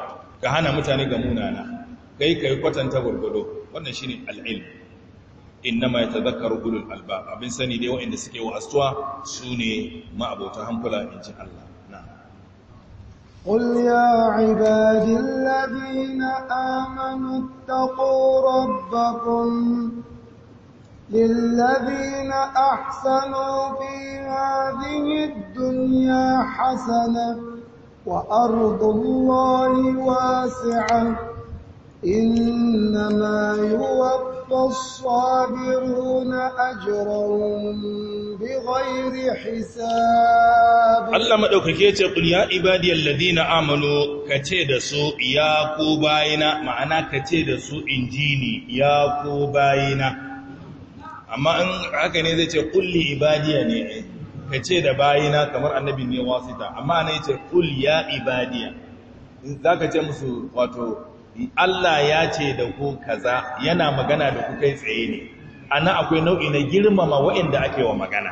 A: ka hana mutane ga munana kai ka yi kwatanta gwargwado wannan shi ne al'ilmi inna ma ya tazakar gudun alba abin sani dai waɗanda suke wa astuwa su ne ma'abota hankula in Allah na
B: ƙul ya ibadin labi na amanu ta ƙorar bakon lillabi na aksano fi radin yi duniya hasanar wa arzun wani wasu'an إنما يوفى الصابرون أجرهم بغير حساب
A: الله مدوكake yace kul ya ibadiyal ladina amanu kace da su ya ku bayina ma'ana kace da su injini ya ku bayina amma in haka ne zai ce kulli ibadiya ne kace da bayina kamar annabi ne wasita amma ne yace kul ya ibadiya zaka ce musu wato Allah ya ce da ku kaza yana magana da ku kai tsaye ne ana akwai nau'i na girmama waɗanda ake wa magana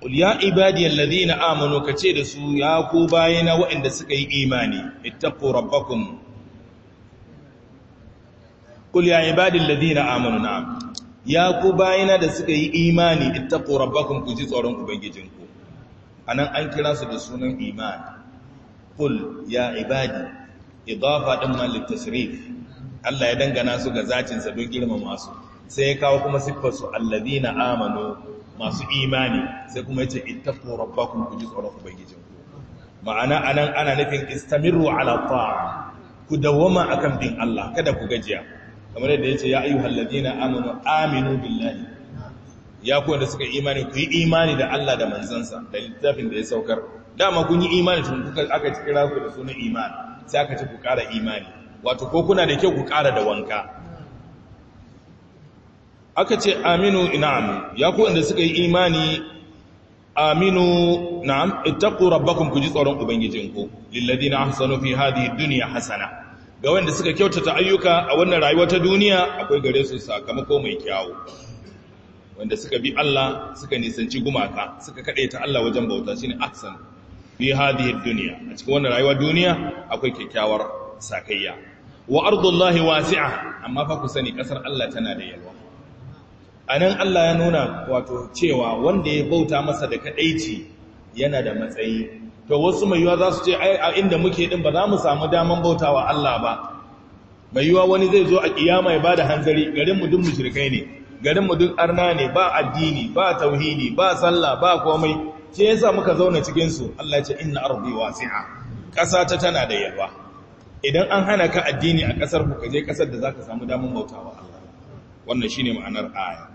A: qul ya ibadiyal ladina amanu kace da su ya ku bayina waɗanda suka yi imani ittaqu rabbakum qul ya ibadil ladina amanu na ya ku bayina da suka yi imani ittaqu rabbakum ku ji tsoron ku anan an kira su da sunan imani qul ya ibadi idafa din ma litasrif Allah ya dangana su ga zatin sa don girmama su sai ya kawo kuma siffar su allazina amanu masu imani sai kuma yace ittaqu rabbakum ku ji tsoron ku. ma'ana anan ana nufin istamiru ala ta'a ku dawwama akan bin Allah kada ku gajiya kamar yadda yace ya ayyuhal ladina amanu aminu billahi ya ku wanda suka imani ku yi imani da Allah da manzansa da littafin da ya saukar dama kun yi imani tun kuka aka kira ku da sunan imani sai aka ce ku ƙara imani wato ko kuna da kyau ku ƙara da wanka aka ce aminu na'am ya ku wanda suka yi imani aminu na'am ittaqu rabbakum ku ji tsoron ubangijinku lilladina ahsanu fi hadhihi dunya hasana ga wanda suka kyautata ayyuka a wannan rayuwa ta duniya akwai gare su sakamako mai kyawu wanda suka bi Allah suka nisanci gumaka suka kadaita Allah wajen bauta shine aksan. fi hadhihi dunya a cikin wannan rayuwa duniya akwai kyakkyawar sakayya wa ardullahi wasi'a amma fa ku sani kasar Allah tana da yalwa anan Allah ya nuna wato cewa wanda ya bauta masa da kadaici yana da matsayi to wasu mai yiwa za su ce a inda muke din ba za mu samu daman bautawa Allah ba mai yiwa wani zai zo a kiyama ya bada hanzari garin mu duk mushrikai ne garin mu duk arna ne ba addini ba tauhidi ba sallah ba komai ya yasa muka zauna cikin su Allah ce ce inna ardi wasi'a ƙasa ta tana da yawa. idan an hana ka addini a ƙasar ku kaje ƙasar da za ka samu damun bautawa Allah wannan ne ma'anar aya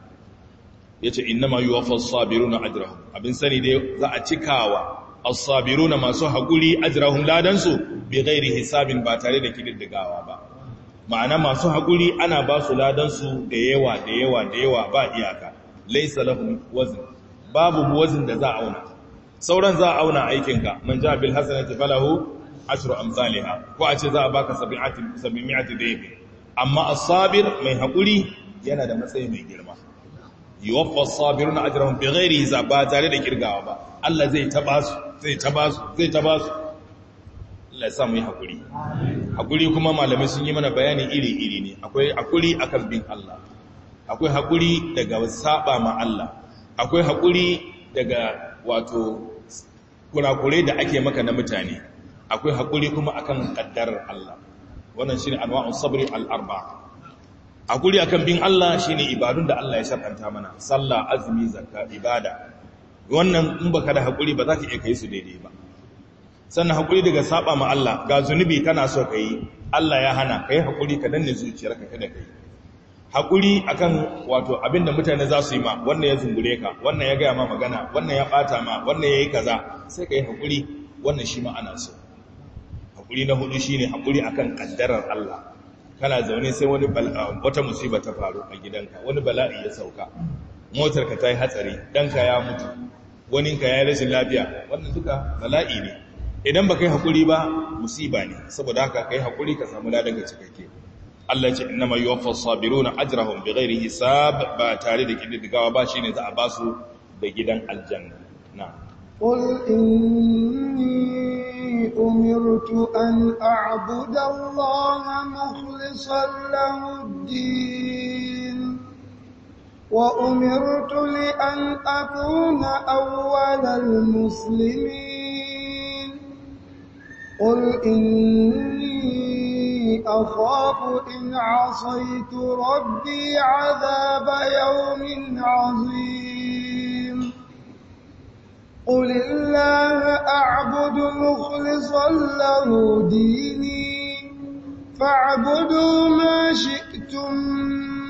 A: Ya ce yi wa Fassabiru na ajirahun abin sani dai za a cikawa as-sabiruna masu hakuri ajirahun ladansu su bi gairi hisabin ba tare da kididdigawa ba ma'ana masu hakuri ana ba su ladan su da yawa da yawa da yawa ba iyaka laisa lahum wazn babu buwazin da za a auna sauran za a auna aikinka man ja bil hasanati falahu ashru amsalha ko a ce za a baka sabi'atin sabi'ati yake amma as-sabir mai hakuri yana da matsayi mai girma yuwaffa as-sabiruna ajrahum bighairi hisab ba tare da kirgawa ba Allah zai taba su zai taba su zai taba su Allah ya sa mu yi hakuri hakuri kuma malamai sun yi mana bayani iri-iri ne akwai hakuri akan bin Allah akwai hakuri daga saba ma Allah akwai haƙuri daga wato kurakurai da ake maka na mutane akwai haƙuri kuma akan ƙaddarar Allah wannan shine anwa'un sabri al-arba haƙuri akan bin Allah shine ibadun da Allah ya shar'anta mana sallah azumi zakka ibada wannan in baka da haƙuri ba za ka iya kai su daidai ba sannan haƙuri daga saba ma Allah ga zunubi kana so ka yi Allah ya hana ka yi haƙuri ka danne zuciyarka kada ka yi haƙuri akan wato abinda mutane za su yi ma wannan ya zungure ka wannan ya gaya ma magana wannan ya ɓata ma wannan ya yi kaza sai ka yi haƙuri wannan shi ma'ana su haƙuri na hudu ne haƙuri akan ƙaddarar Allah kana zaune sai wani ah, wata musiba ta faru a gidanka wani bala'i ya sauka motar ka ta yi hatsari ɗanka ya mutu wani ya yi rashin lafiya wannan duka bala'i ne idan ba ka yi haƙuri ba musiba ne saboda haka ka yi haƙuri ka samu ladan ga cikakke Allah ce inna innama yuwaffas sabiruna ajrahum bighairi hisab ba tare da kididdigawa ba shine za a ba su da gidan aljanna na
B: qul inni umirtu an a'budu allaha mukhlishan lahu din wa umirtu li an akuna awwalal muslimin qul inni إني أخاف إن عصيت ربي عذاب يوم عظيم قل الله أعبد مخلصا له ديني فاعبدوا ما شئتم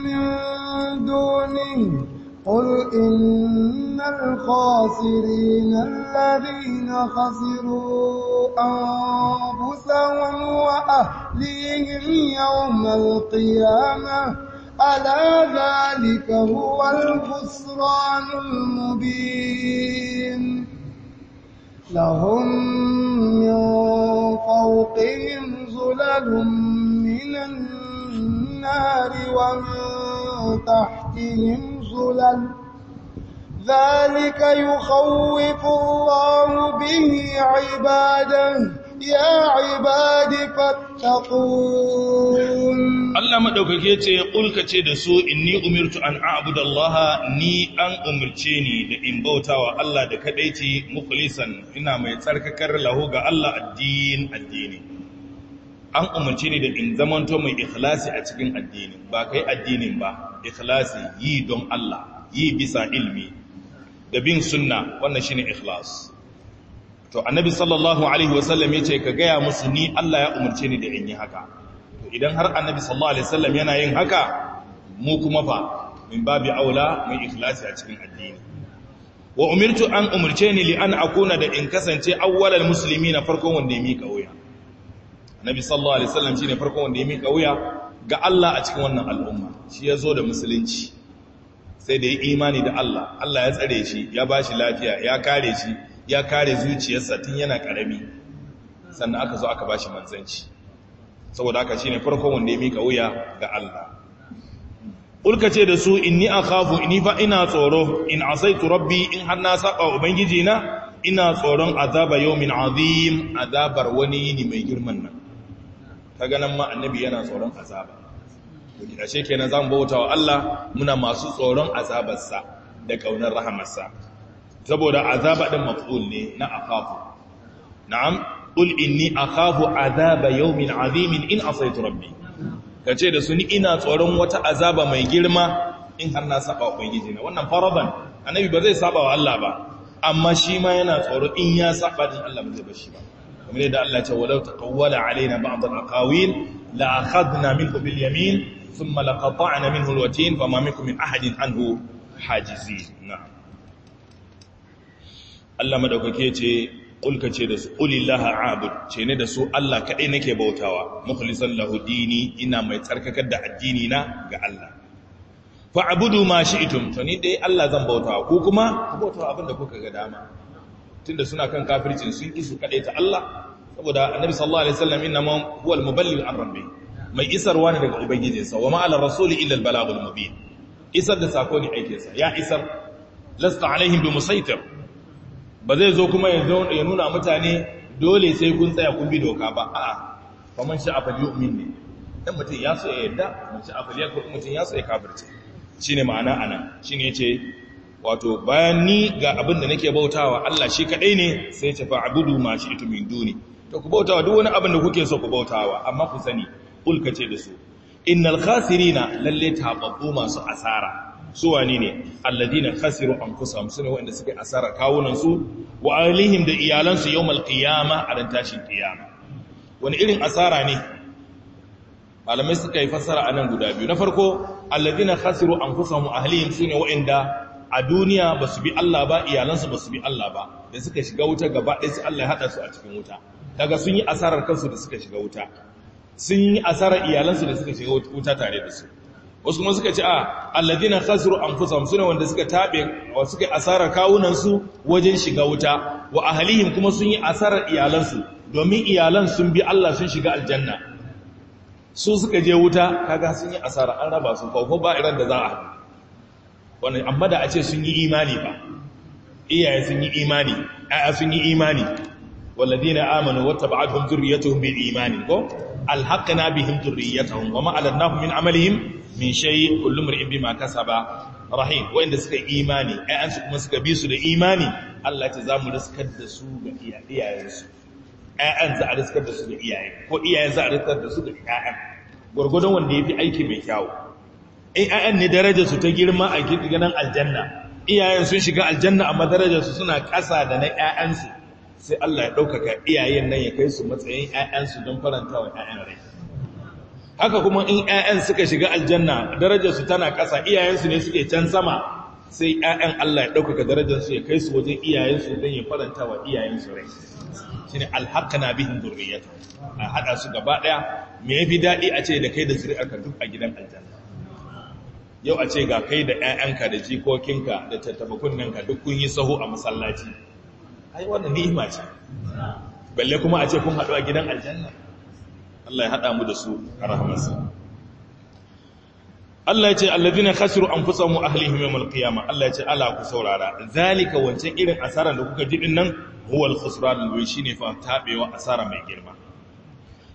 B: من دونه قل إن الخاسرين الذين خسروا أنفسهم وأهليهم يوم القيامة ألا ذلك هو الخسران المبين لهم من فوقهم زلل من النار ومن تحتهم رسلا ذلك يخوف الله به عباده يا عباد فاتقون
A: Allah madaukake ce kulka ce da su inni umirtu an a'budallaha ni an umarce ni da in bautawa Allah da kadaici mukhlisan ina mai tsarkakar lahu ga Allah addin addini an umarce ni da in zamanto mai ikhlasi a cikin addini ba kai addinin ba ikhlasi yi don Allah yi bisa ilmi da bin sunna wannan shi ne ikhlas to annabi sallallahu alaihi wasallam ce ka gaya musu ni Allah ya umarce ni da in yi haka to idan har annabi sallallahu alaihi wasallam yana yin haka mu kuma fa min babi aula mai ikhlasi a cikin addini wa umirtu an umarce ni li an akuna da in kasance awwalal muslimina farkon wanda ya mika wuya annabi sallallahu alaihi wasallam shine farkon wanda ya mika wuya ga Allah a cikin wannan al'umma shi ya zo da musulunci sai da ya imani da Allah Allah ya tsare shi ya ba shi lafiya ya kare shi ya kare zuciyarsa tun yana ƙarami sannan aka zo aka ba shi manzanci saboda aka shi ne farko wanda ya mika wuya ga Allah ulka ce da su inni kafu inni fa ina tsoro in asaitu rabbi in har na saba ubangiji na ina tsoron azaba min azim azabar wani ne mai girman nan kaga nan ma annabi yana tsoron azaba ashe kenan zamu bauta wa Allah muna masu tsoron azabarsa da kaunar rahamarsa saboda azaba din maf'ul ne na akhafu na'am qul inni akhafu azaba yawmin azimin in asaytu rabbi kace da su ni ina tsoron wata azaba mai girma in har na saba ubangiji na wannan faraban annabi ba zai saba wa Allah ba amma shi ma yana tsoro in ya saba din Allah ba zai bar shi ba kamar yadda Allah ta ce walau taqawwala alaina ba'd al-aqawil la akhadna minhu bil yamin thumma qata'na minhu al-watin fama minkum min ahadin anhu hajizi na'am Allah madaukake ce kulka ce da su ulillaha abud ce ne da su Allah kaɗai nake bautawa mukhlisan lahu dini ina mai tsarkakar da addini na ga Allah fa abudu ma shi'tum to ni dai Allah zan bautawa ku kuma ku bautawa abin da kuka ga dama tunda suna kan kafircin sun ki su ta Allah saboda annabi sallallahu alaihi wasallam inna ma huwa al-muballigh an rabbi mai isarwa ne daga ubangijinsa wa ma ala rasuli illa al-balagul mubin isar da sako ne aikinsa ya isar lasta alaihim bi musaitir ba zai zo kuma ya nuna mutane dole sai kun tsaya kun bi doka ba a'a man sha afal yu'min ne dan mutum ya so ya yarda mutum afal ya ko mutum ya so ya kafirce shine ma'ana anan shine yace wato bayan ni ga abin da nake bautawa Allah shi kadai ne sai ce fa abudu ma shi itu min duni to ku bautawa duk wani abin da kuke so ku bautawa amma ku sani kul ce da su innal khasirina lalle babu masu asara su wani ne alladina khasiru anfusahum sune wanda suke asara kawunan su wa alihim da iyalan su yawmal qiyama a ran tashin qiyama wani irin asara ne malamai suka yi fassara anan guda biyu na farko alladina khasiru anfusahum ahlihim sune wanda a duniya ba su bi Allah ba iyalansu ba su bi Allah ba da suka shiga wuta gaba ɗaya su Allah ya haɗa su a cikin wuta daga sun yi asarar kansu da suka shiga wuta sun yi asarar iyalansu da suka shiga wuta tare da su wasu kuma suka ce a ah, alladina khasiru anfusahum sune wanda suka tabe wa suka asarar kawunan su wajen shiga wuta wa ahlihim kuma sun yi asarar iyalansu domin iyalan sun bi Allah sun shiga aljanna su suka je wuta kaga sun yi asara an raba su ko ba iran da za a haɗu. Wani amma da a ce sun yi imani ba iyaye sun yi imani ayya sun yi imani walladina amanu wattaba'atuhum dhurriyyatuhum bil imani ko alhaqna bihim dhurriyyatuhum wama alannahum min amalihim min shay bi imrin bima ba? rahim wanda suka yi imani ayyan su kuma suka bi su da imani Allah ya mu riskar da su ga iyayensu ayyan za a riskar da su ga iyaye ko iyaye za a riskar da su ga ayyan Gwargwadon wanda ya fi aiki mai kyawu. in ayan ne darajarsu ta girma a gidan aljanna iyayen sun shiga aljanna amma darajarsu suna ƙasa da na ‘ya'yansu sai Allah ya ɗaukaka iyayen nan ya kai su matsayin ‘ya'yansu don faranta wa ‘ya'yan rai haka kuma in ‘ya'yan suka shiga aljanna darajarsu tana ƙasa iyayensu ne suke can sama sai ‘ya'yan Allah ya ɗaukaka darajarsu ya kai su wajen iyayensu don ya faranta wa iyayensu rai shine ne bihim bihin a haɗa su gaba ɗaya me ya fi daɗi a ce da kai da zuri'arka duk a gidan aljanna yau a ce ga kai da 'ya'yanka da jikokinka da tattabakunninka duk kun yi sahu a masallaci ai wannan ni'ima ce balle kuma a ce kun haɗu a gidan aljanna Allah ya haɗa mu da su a rahamarsa Allah ya ce Allah zina khasiru an fusa mu yawm al kiyama. Allah ya ce Allah ku saurara zalika wancan irin asarar da kuka ji dinnan, nan huwal al da al-mubin shine fa taɓewa asara mai girma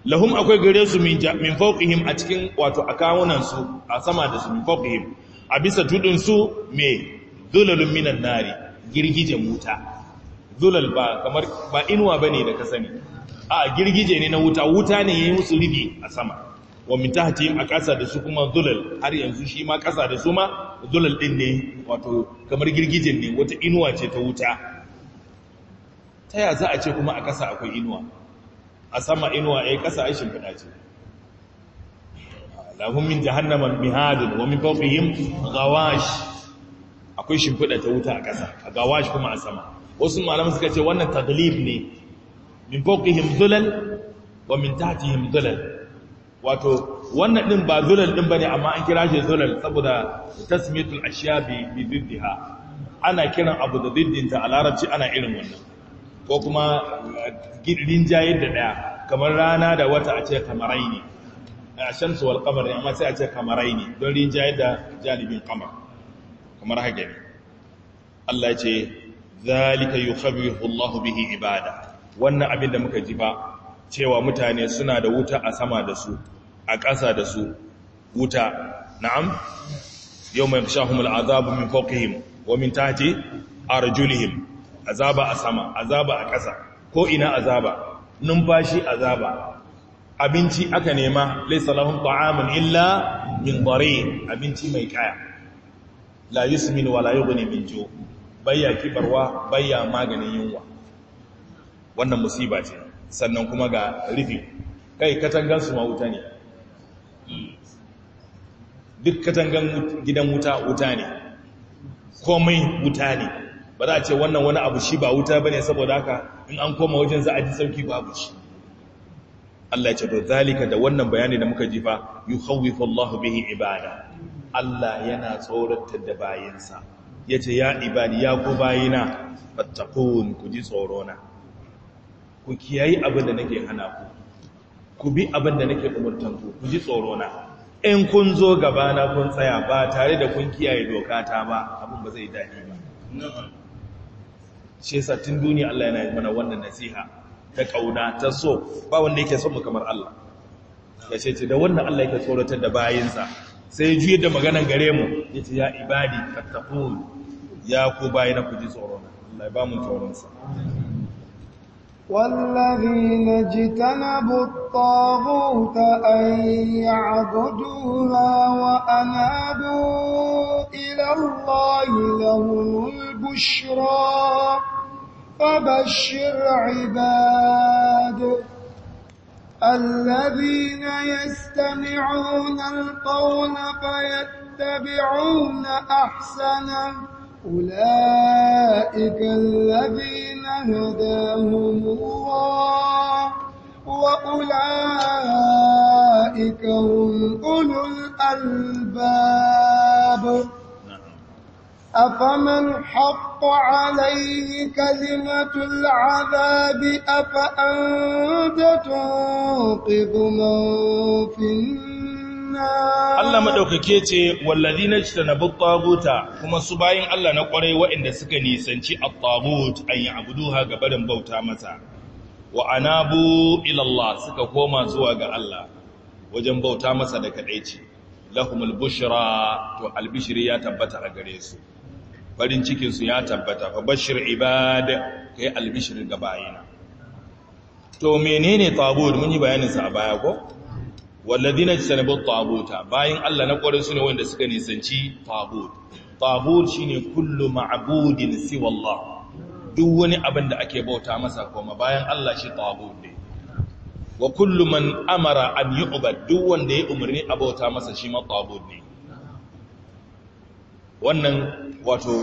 A: lahum akwai gare su min fauƙihim a cikin wato a su a sama da su min fauƙihim a bisa tudunsu su me zulalun minan nari girgije wuta zulal ba kamar ba inuwa ba ne da ka sani a girgije ne na wuta wuta ne ya yi musu ribi a sama wa min hati a kasa da su kuma zulal har yanzu shi ma ƙasa da su ma zulal din ne wato kamar girgijen ne wata inuwa ce ta wuta ta ya za a ce kuma a kasa akwai inuwa a sama inuwa ya eh, yi kasa ai shimfiɗa ce lahum min jahannama mihadun wa min fawqihim ghawash akwai shimfiɗa ta wuta a ƙasa, a gawash kuma a sama wasu malaman suka ce wannan taglib ne min fawqihim dhulal wa min tahtihim dhulal wato wannan ɗin ba zulal ba ne amma an kira shi zulal saboda tasmiyatul ashya bi diddiha ana kiran abu da diddinta a larabci ana irin wannan ko kuma eh, rinjaye da daya kamar rana da wata a ce kamarai ne a shamsu wal kamar ne amma sai a ce kamarai ne don rinjaye da janibin kamar kamar haka ne Allah ce zalika yukhabihu Allah bihi ibada wannan abin da muka ji ba cewa mutane suna da wuta a sama da su a ƙasa da su wuta na'am yau mai shahumul azabu min fawqihim wa min tahti arjulihim azaba a sama azaba a ƙasa ko ina azaba numfashi azaba abinci aka nema laysa lahum ta'amun illa min abinci mai kaya la yusmin wa la yughni min ju bayya kibarwa bayya maganin yunwa wannan musiba ce sannan kuma ga rufi kai katangan su ma ne duk katangan gidan wuta wuta ne komai wuta ne ba za a ce wannan wani abu shi ba wuta ba bane saboda haka in an koma wajen za a ji sauki babu shi Allah ce to zalika da wannan bayani da muka jifa yukhawifu Allahu bihi ibada Allah yana tsorata da bayinsa yace ya ibadi ya ku bayina fattakun ku ji tsorona ku kiyayi abin da nake hana ku ku bi abin da nake umurtan ku ku ji tsorona in kun zo gabana kun tsaya ba tare da kun kiyaye doka ta ba abin ba zai dadi ba shi yasa tun duniya Allah yana mana wannan nasiha ta kauna ta so ba wanda yake son mu kamar Allah ya ce ce da wannan Allah yake tsoratar da bayinsa sai juye da maganan gare mu ya ce ya ibadi fattaqun ya ku bayina ku ji tsoro Allah ya ba mu tsoron sa
B: والذين اجتنبوا الطاغوت أن يعبدوها وأنابوا إلى الله لهم البشرى فبشر عباد الذين يستمعون القول فيتبعون أحسنه أولئك الذين هداهم الله وأولئك هم أولو الألباب أفمن حق عليه كلمة العذاب أفأنت تنقذ من في النار Allah
A: maɗaukake ce wallazi na ci na buƙaguta kuma su bayan Allah na ƙwarai waɗanda suka nisanci a ƙagut an yi abudu ga barin bauta masa wa anabu ilallah suka koma zuwa ga Allah wajen bauta masa da kaɗaici lahumul bushra to albishiri ya tabbata a gare su farin cikinsu ya tabbata fa bashir ibad ka yi albishir ga bayina to menene tagut mun yi bayaninsa a baya ko walladina jisanabu taguta bayan Allah na ƙwarin su ne wanda suka nisanci tagut tagut shine kullu ma'budin siwa Allah duk wani abin da ake bauta masa kuma bayan Allah shi tagut ne wa kullu man amara an yu'bad duk wanda ya umarni a bauta masa shi ma tagut ne wannan wato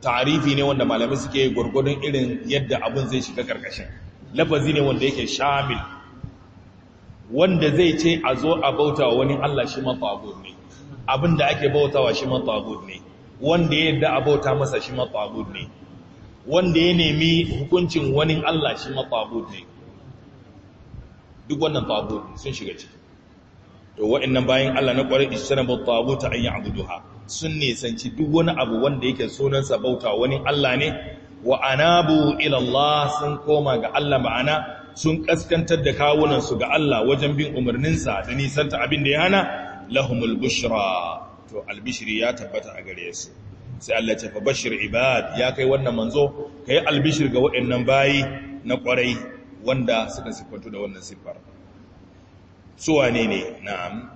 A: tarifi ne wanda malamai suke gwargwadon irin yadda abun zai shiga karkashin lafazi ne wanda yake shamil wanda zai ce a zo a bauta wa wani Allah shi ma ne abinda ake bautawa shi ma ne wanda ya yadda a bauta masa shi ma ne wanda ya nemi hukuncin wani Allah shi ma ne duk wannan tagut sun shiga ciki to wa'annan bayan Allah na kwarai ishtanabu ta an ya'buduha sun nisanci duk wani abu wanda yake sunansa bauta wani Allah ne wa anabu ila Allah sun koma ga Allah ma'ana sun kaskantar da kawunansu ga Allah wajen bin umarninsa da nisanta abin da ya hana lahumul bushra to albishiri ya tabbata a gare su sai Allah ce fa bashir ibad ya kai wannan manzo kai albishir ga waɗannan bayi na ƙwarai wanda suka siffantu da wannan siffar su wane ne na'am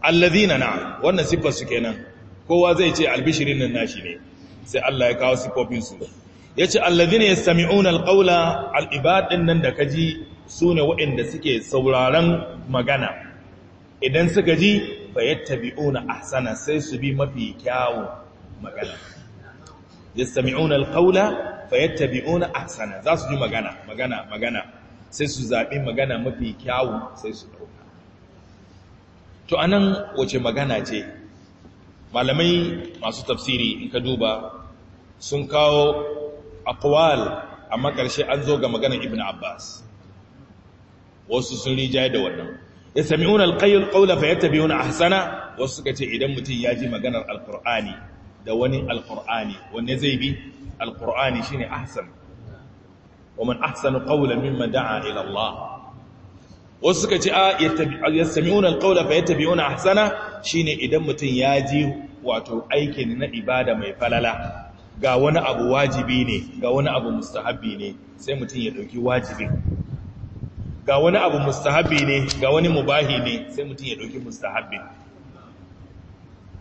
A: allazina na'am wannan siffar su kenan kowa zai ce albishirin nan nashi ne sai Allah ya kawo siffofin su ya ce allazina sami sami'un alƙaula al'ibadin nan da kaji su ne waɗanda suke sauraron magana idan suka ji a sana sai su bi mafi kyawun magana ya sami'un alƙaula a sana za su ji magana magana magana sai su zaɓi magana mafi kyawun sai su ɗauka to anan wace magana ce malamai masu tafsiri in ka duba sun kawo aqwal a makarshe an zo ga maganar Ibn abbas wasu sun rijaye da wannan yasmi'una alqawl qawla fayattabi'una ahsana wasu suka ce idan mutum ya ji maganar alqur'ani da wani alqur'ani wanne zai bi alqur'ani shine ahsan wa man ahsanu qawlan mimman da'a ila Allah wasu suka ce a yastami'una alqawla fayattabi'una ahsana shine idan mutum ya ji wato aikin na ibada mai falala ga wani abu wajibi ne ga wani abu mustahabi ne sai mutum ya ɗauki wajibi. ga wani abu mustahabi ne ga wani mubahi ne sai mutum ya ɗauki mustahabi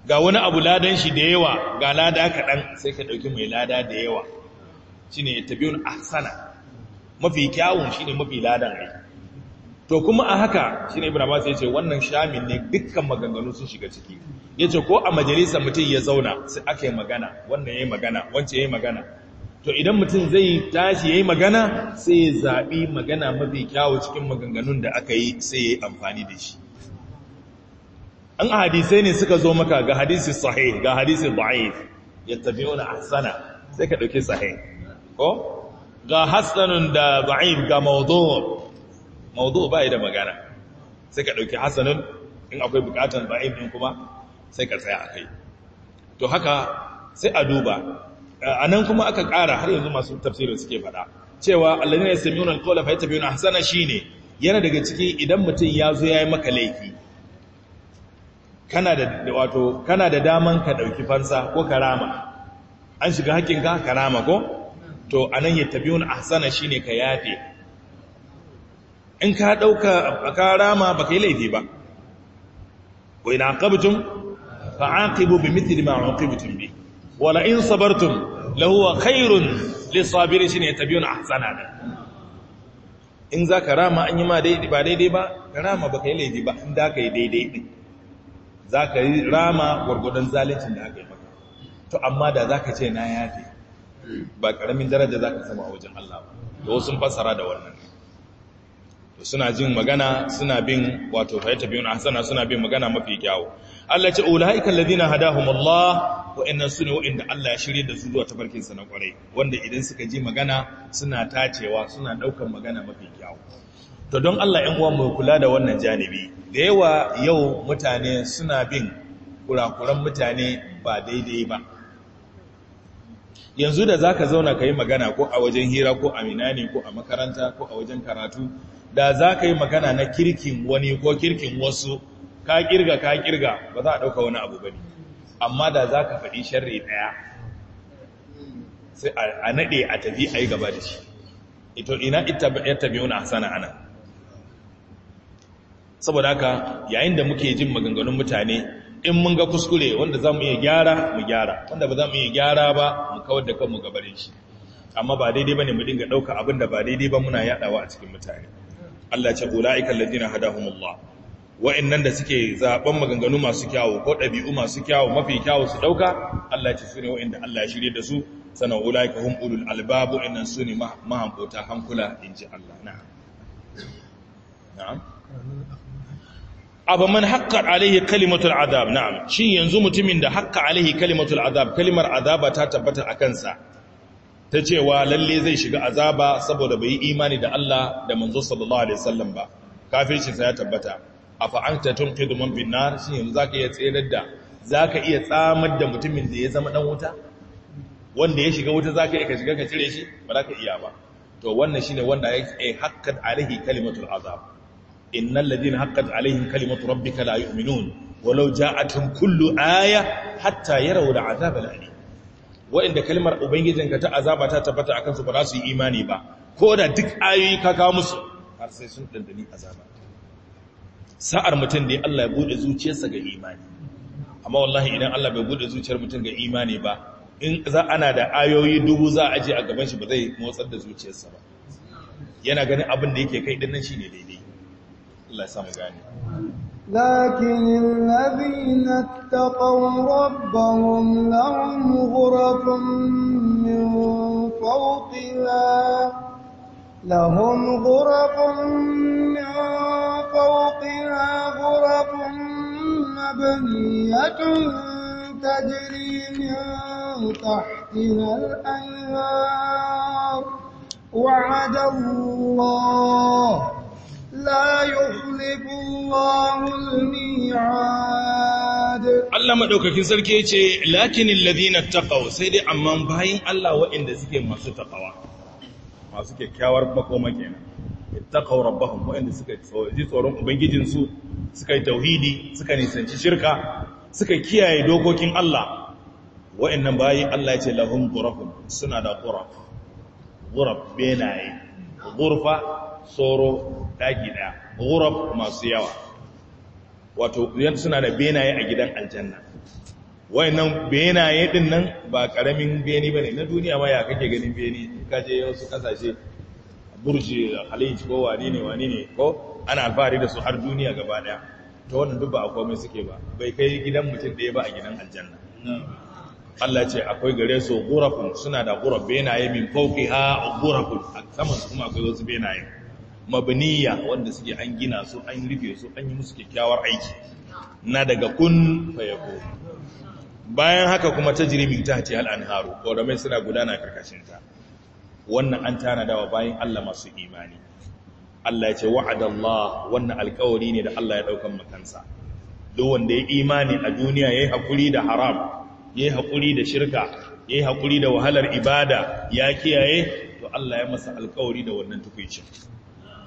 A: ga wani abu ladan shi da yawa ga lada kaɗan sai ka ɗauki mai lada da yawa shi ne ya tabi wani ahsana mafi kyawun shine mafi ladan aiki to kuma a haka shine ibn abbas yace wannan shamin ne dukkan maganganu sun shiga ciki yace ko a majalisa mutum ya zauna sai aka yi magana wannan yayi magana wance yi magana to idan mutum zai tashi yayi magana sai ya zabi magana mafi kyawu cikin maganganun da aka yi sai yayi amfani da shi an hadisai ne suka zo maka ga hadisi sahih ga hadisi da'if yattabi'una ahsana sai ka ɗauki sahih ko ga hasanun da da'if ga mawdu' mawdu ba da magana sai ka ɗauki hasanun in akwai bukatan ba'in din kuma sai ka tsaya kai, to haka sai a duba a nan kuma aka ƙara har yanzu masu tafsirin suke faɗa cewa yunan kola al biyu na hasana shi shine yana daga ciki idan mutum ya zo yi maka laifi kana da wato daman ka ɗauki fansa ko karama an shiga hakinka karama ko to anan yattabi'una ahsana shine ka yafe in ka ɗauka ka rama ba ka yi laifi ba wa ina aqabtum fa aqibu bi mithli ma uqibtum bi wa la in sabartum la huwa khairun lis sabirin shine tabiun ahsana da in za ka rama an yi ma daidai ba daidai ba ka rama ba ka yi laifi ba in da ka yi daidai din za ka yi rama gwargwadon zalincin da aka yi maka to amma da za ka ce na yafe ba ƙaramin daraja za ka sama a wajen Allah ba da wasu fassara da wannan suna jin magana suna bin wato fayyata biyun hasana suna bin magana mafi kyawu Allah ce ulaiikal ladina hadahumullah wa'annan sune wa'anda Allah ya shirye da su zuwa tafarkin sa na kwarai wanda idan suka ji magana suna tacewa suna daukan magana mafi kyawu to don Allah ɗan uwan mu kula da wannan janibi da yawa yau mutane suna bin kurakuran mutane ba daidai ba yanzu da zaka zauna kai magana ko a wajen hira ko a minani ko a makaranta ko a wajen karatu da za ka yi magana na kirkin wani ko kirkin wasu ka kirga ka kirga ba za a ɗauka wani abu ba ne amma da za ka faɗi sharri ɗaya sai a naɗe a tafi a yi gaba da shi ito ina ya tafi wani hasana ana saboda haka yayin da muke jin maganganun mutane in mun ga kuskure wanda za mu iya gyara mu gyara wanda ba za mu iya gyara ba mu kawar da kanmu gabarin shi amma ba daidai ba ne mu dinga ɗauka abin da ba daidai ba muna yaɗawa a cikin mutane Allah ce ula'ika alladhina hadahumullah wa'annan da suke zaben maganganu masu kyawo ko ɗabi'u masu kyawo mafi kyawo su ɗauka, Allah ce sune wa'anda Allah ya shirye da su sana ula'ika hum ulul albab wa'annan sune mahabbota hankula ji Allah na'am na'am abaman haqqat alaihi kalimatul azab, na'am shi yanzu mutumin da haƙƙa alaihi kalimatul azab kalimar azaba ta tabbata a kansa. ta cewa lalle zai shiga azaba saboda bai yi imani da Allah da manzo sallallahu alaihi wasallam ba kafircin sa ya tabbata afa anta tunqidu man bin nar shi yanzu zaka iya tsayar da zaka iya tsamar da mutumin da ya zama dan wuta wanda ya shiga wuta zaka iya ka shiga ka cire shi ba zaka iya ba to wannan shine wanda ya tsaye haqqat alaihi kalimatul azab innal ladina haqqat alaihim kalimatu rabbika la yu'minun walau ja'atuhum kullu aya hatta yarawu al'azab al'alim waɗanda kalmar ka ta azaba ta tabbata a kansu ba za su yi imani ba ko da duk ayoyi ka kawo musu har sai sun dandani azaba sa'ar mutum ne Allah ya bude zuciyarsa ga imani amma wallahi idan Allah bai bude zuciyar mutum ga imani ba in za ana da ayoyi dubu za a aje a gaban shi ba zai motsar da zuciyarsa ba yana ganin abin da yake kai dinnan shine daidai يعني.
B: لكن الذين اتقوا ربهم لهم غرف من فوقها لهم غرف من فوقها غرف مبنية تجري من تحتها الأنهار وعد الله
A: Allah maɗaukakin sarki ya ce, Lakinin sarki yace sai dai amma bayan Allah waɗanda suke masu taƙawa, masu kyakkyawar makoma kenan taƙawar rabbahum waɗanda suka ji tsoron Ubangijinsu, suka yi tauhidi suka nisanci shirka suka kiyaye dokokin Allah waɗannan bayan Allah ce lahun ghurafun suna da ghuraf ghuraf benaye ghurfa tsoro. ɗaki ɗaya ghuraf masu yawa wato suna da benaye a gidan aljanna nan benaye din nan ba karamin beni ne, na duniya ma ya kake ganin beni kaje yau su kasashe burji halaji ko wani ne wani ne ko ana alfahari da su har duniya gaba daya ta wannan duk ba a komai suke ba bai kai gidan mutum ɗaya ba a gidan aljanna Allah ce akwai gare su gurafun suna da guraf benaye min fauki ha gurafun a saman kuma akwai wasu benaye mabniya wanda suke an gina su an rufe su an yi musu kyakkyawar aiki na daga kun fayako bayan haka kuma ta jirimin ta ce al'anharu ƙoramai suna gudana karkashinta wannan an tanadawa bayan Allah masu imani Allah ya ce wa'adallah wannan alkawari ne da Allah ya ɗaukan makansa duk wanda ya imani a duniya ya yi haƙuri da haram ya yi haƙuri da shirka ya yi haƙuri da wahalar ibada ya kiyaye to Allah ya masa alkawari da wannan tukwicin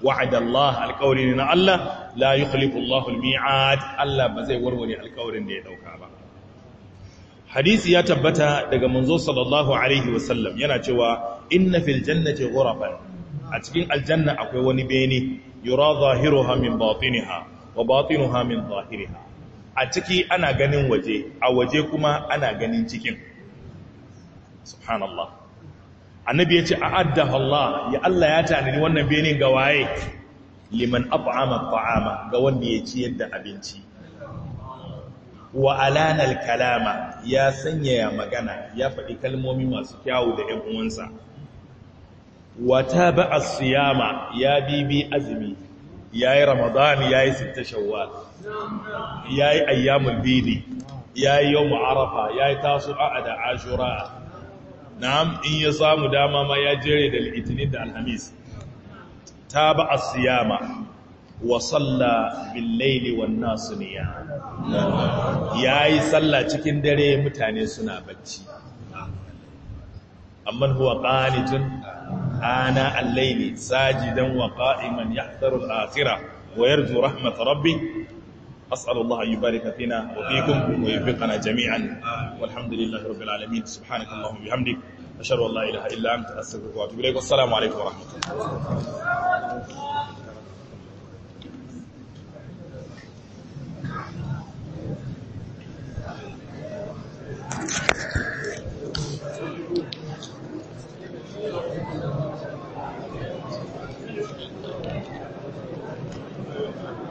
A: wa'ada Allah alƙawari na Allah la yukhlifu Allahu al-mi'ad Allah ba zai warware alƙawarin da ya dauka ba hadisi ya tabbata daga manzo sallallahu alaihi wasallam yana cewa inna fil jannati ghurafan a cikin aljanna akwai wani bene yura zahiruha min batiniha wa batinuha min zahiriha a ciki ana ganin waje a waje kuma ana ganin cikin subhanallah annabi ya ce a addafa Allah ya Allah ya tanani wannan benin ga waye liman at'ama at'ama ga wanda ya ci yadda abinci wa alana kalama ya sanyaya magana ya faɗi kalmomi masu kyawu da ‘yan uwansa wa ta ba'a siyama ya bibi azumi ya yi ramadan ya yi sitta shawwal ya yi ayyamul bidi ya yi yau ma'arafa ya yi tasu da ashura na'am in ya samu dama ma ya jere da litinin da alhamis ta ba a siyama wa salla billaili wan nasu niya ya yi salla cikin dare mutane suna bacci amma huwa qanitun ana al Saji sajidan wa qa'iman yahtharu al-akhirah wa yarju rahmat Rabbi. أسأل الله أن يبارك فينا وفيكم ويوفقنا جميعا والحمد لله رب العالمين سبحانك اللهم وبحمدك أشهد أن لا إله إلا أنت أستغفرك وأتوب إليك والسلام عليكم ورحمة
B: الله Thank you.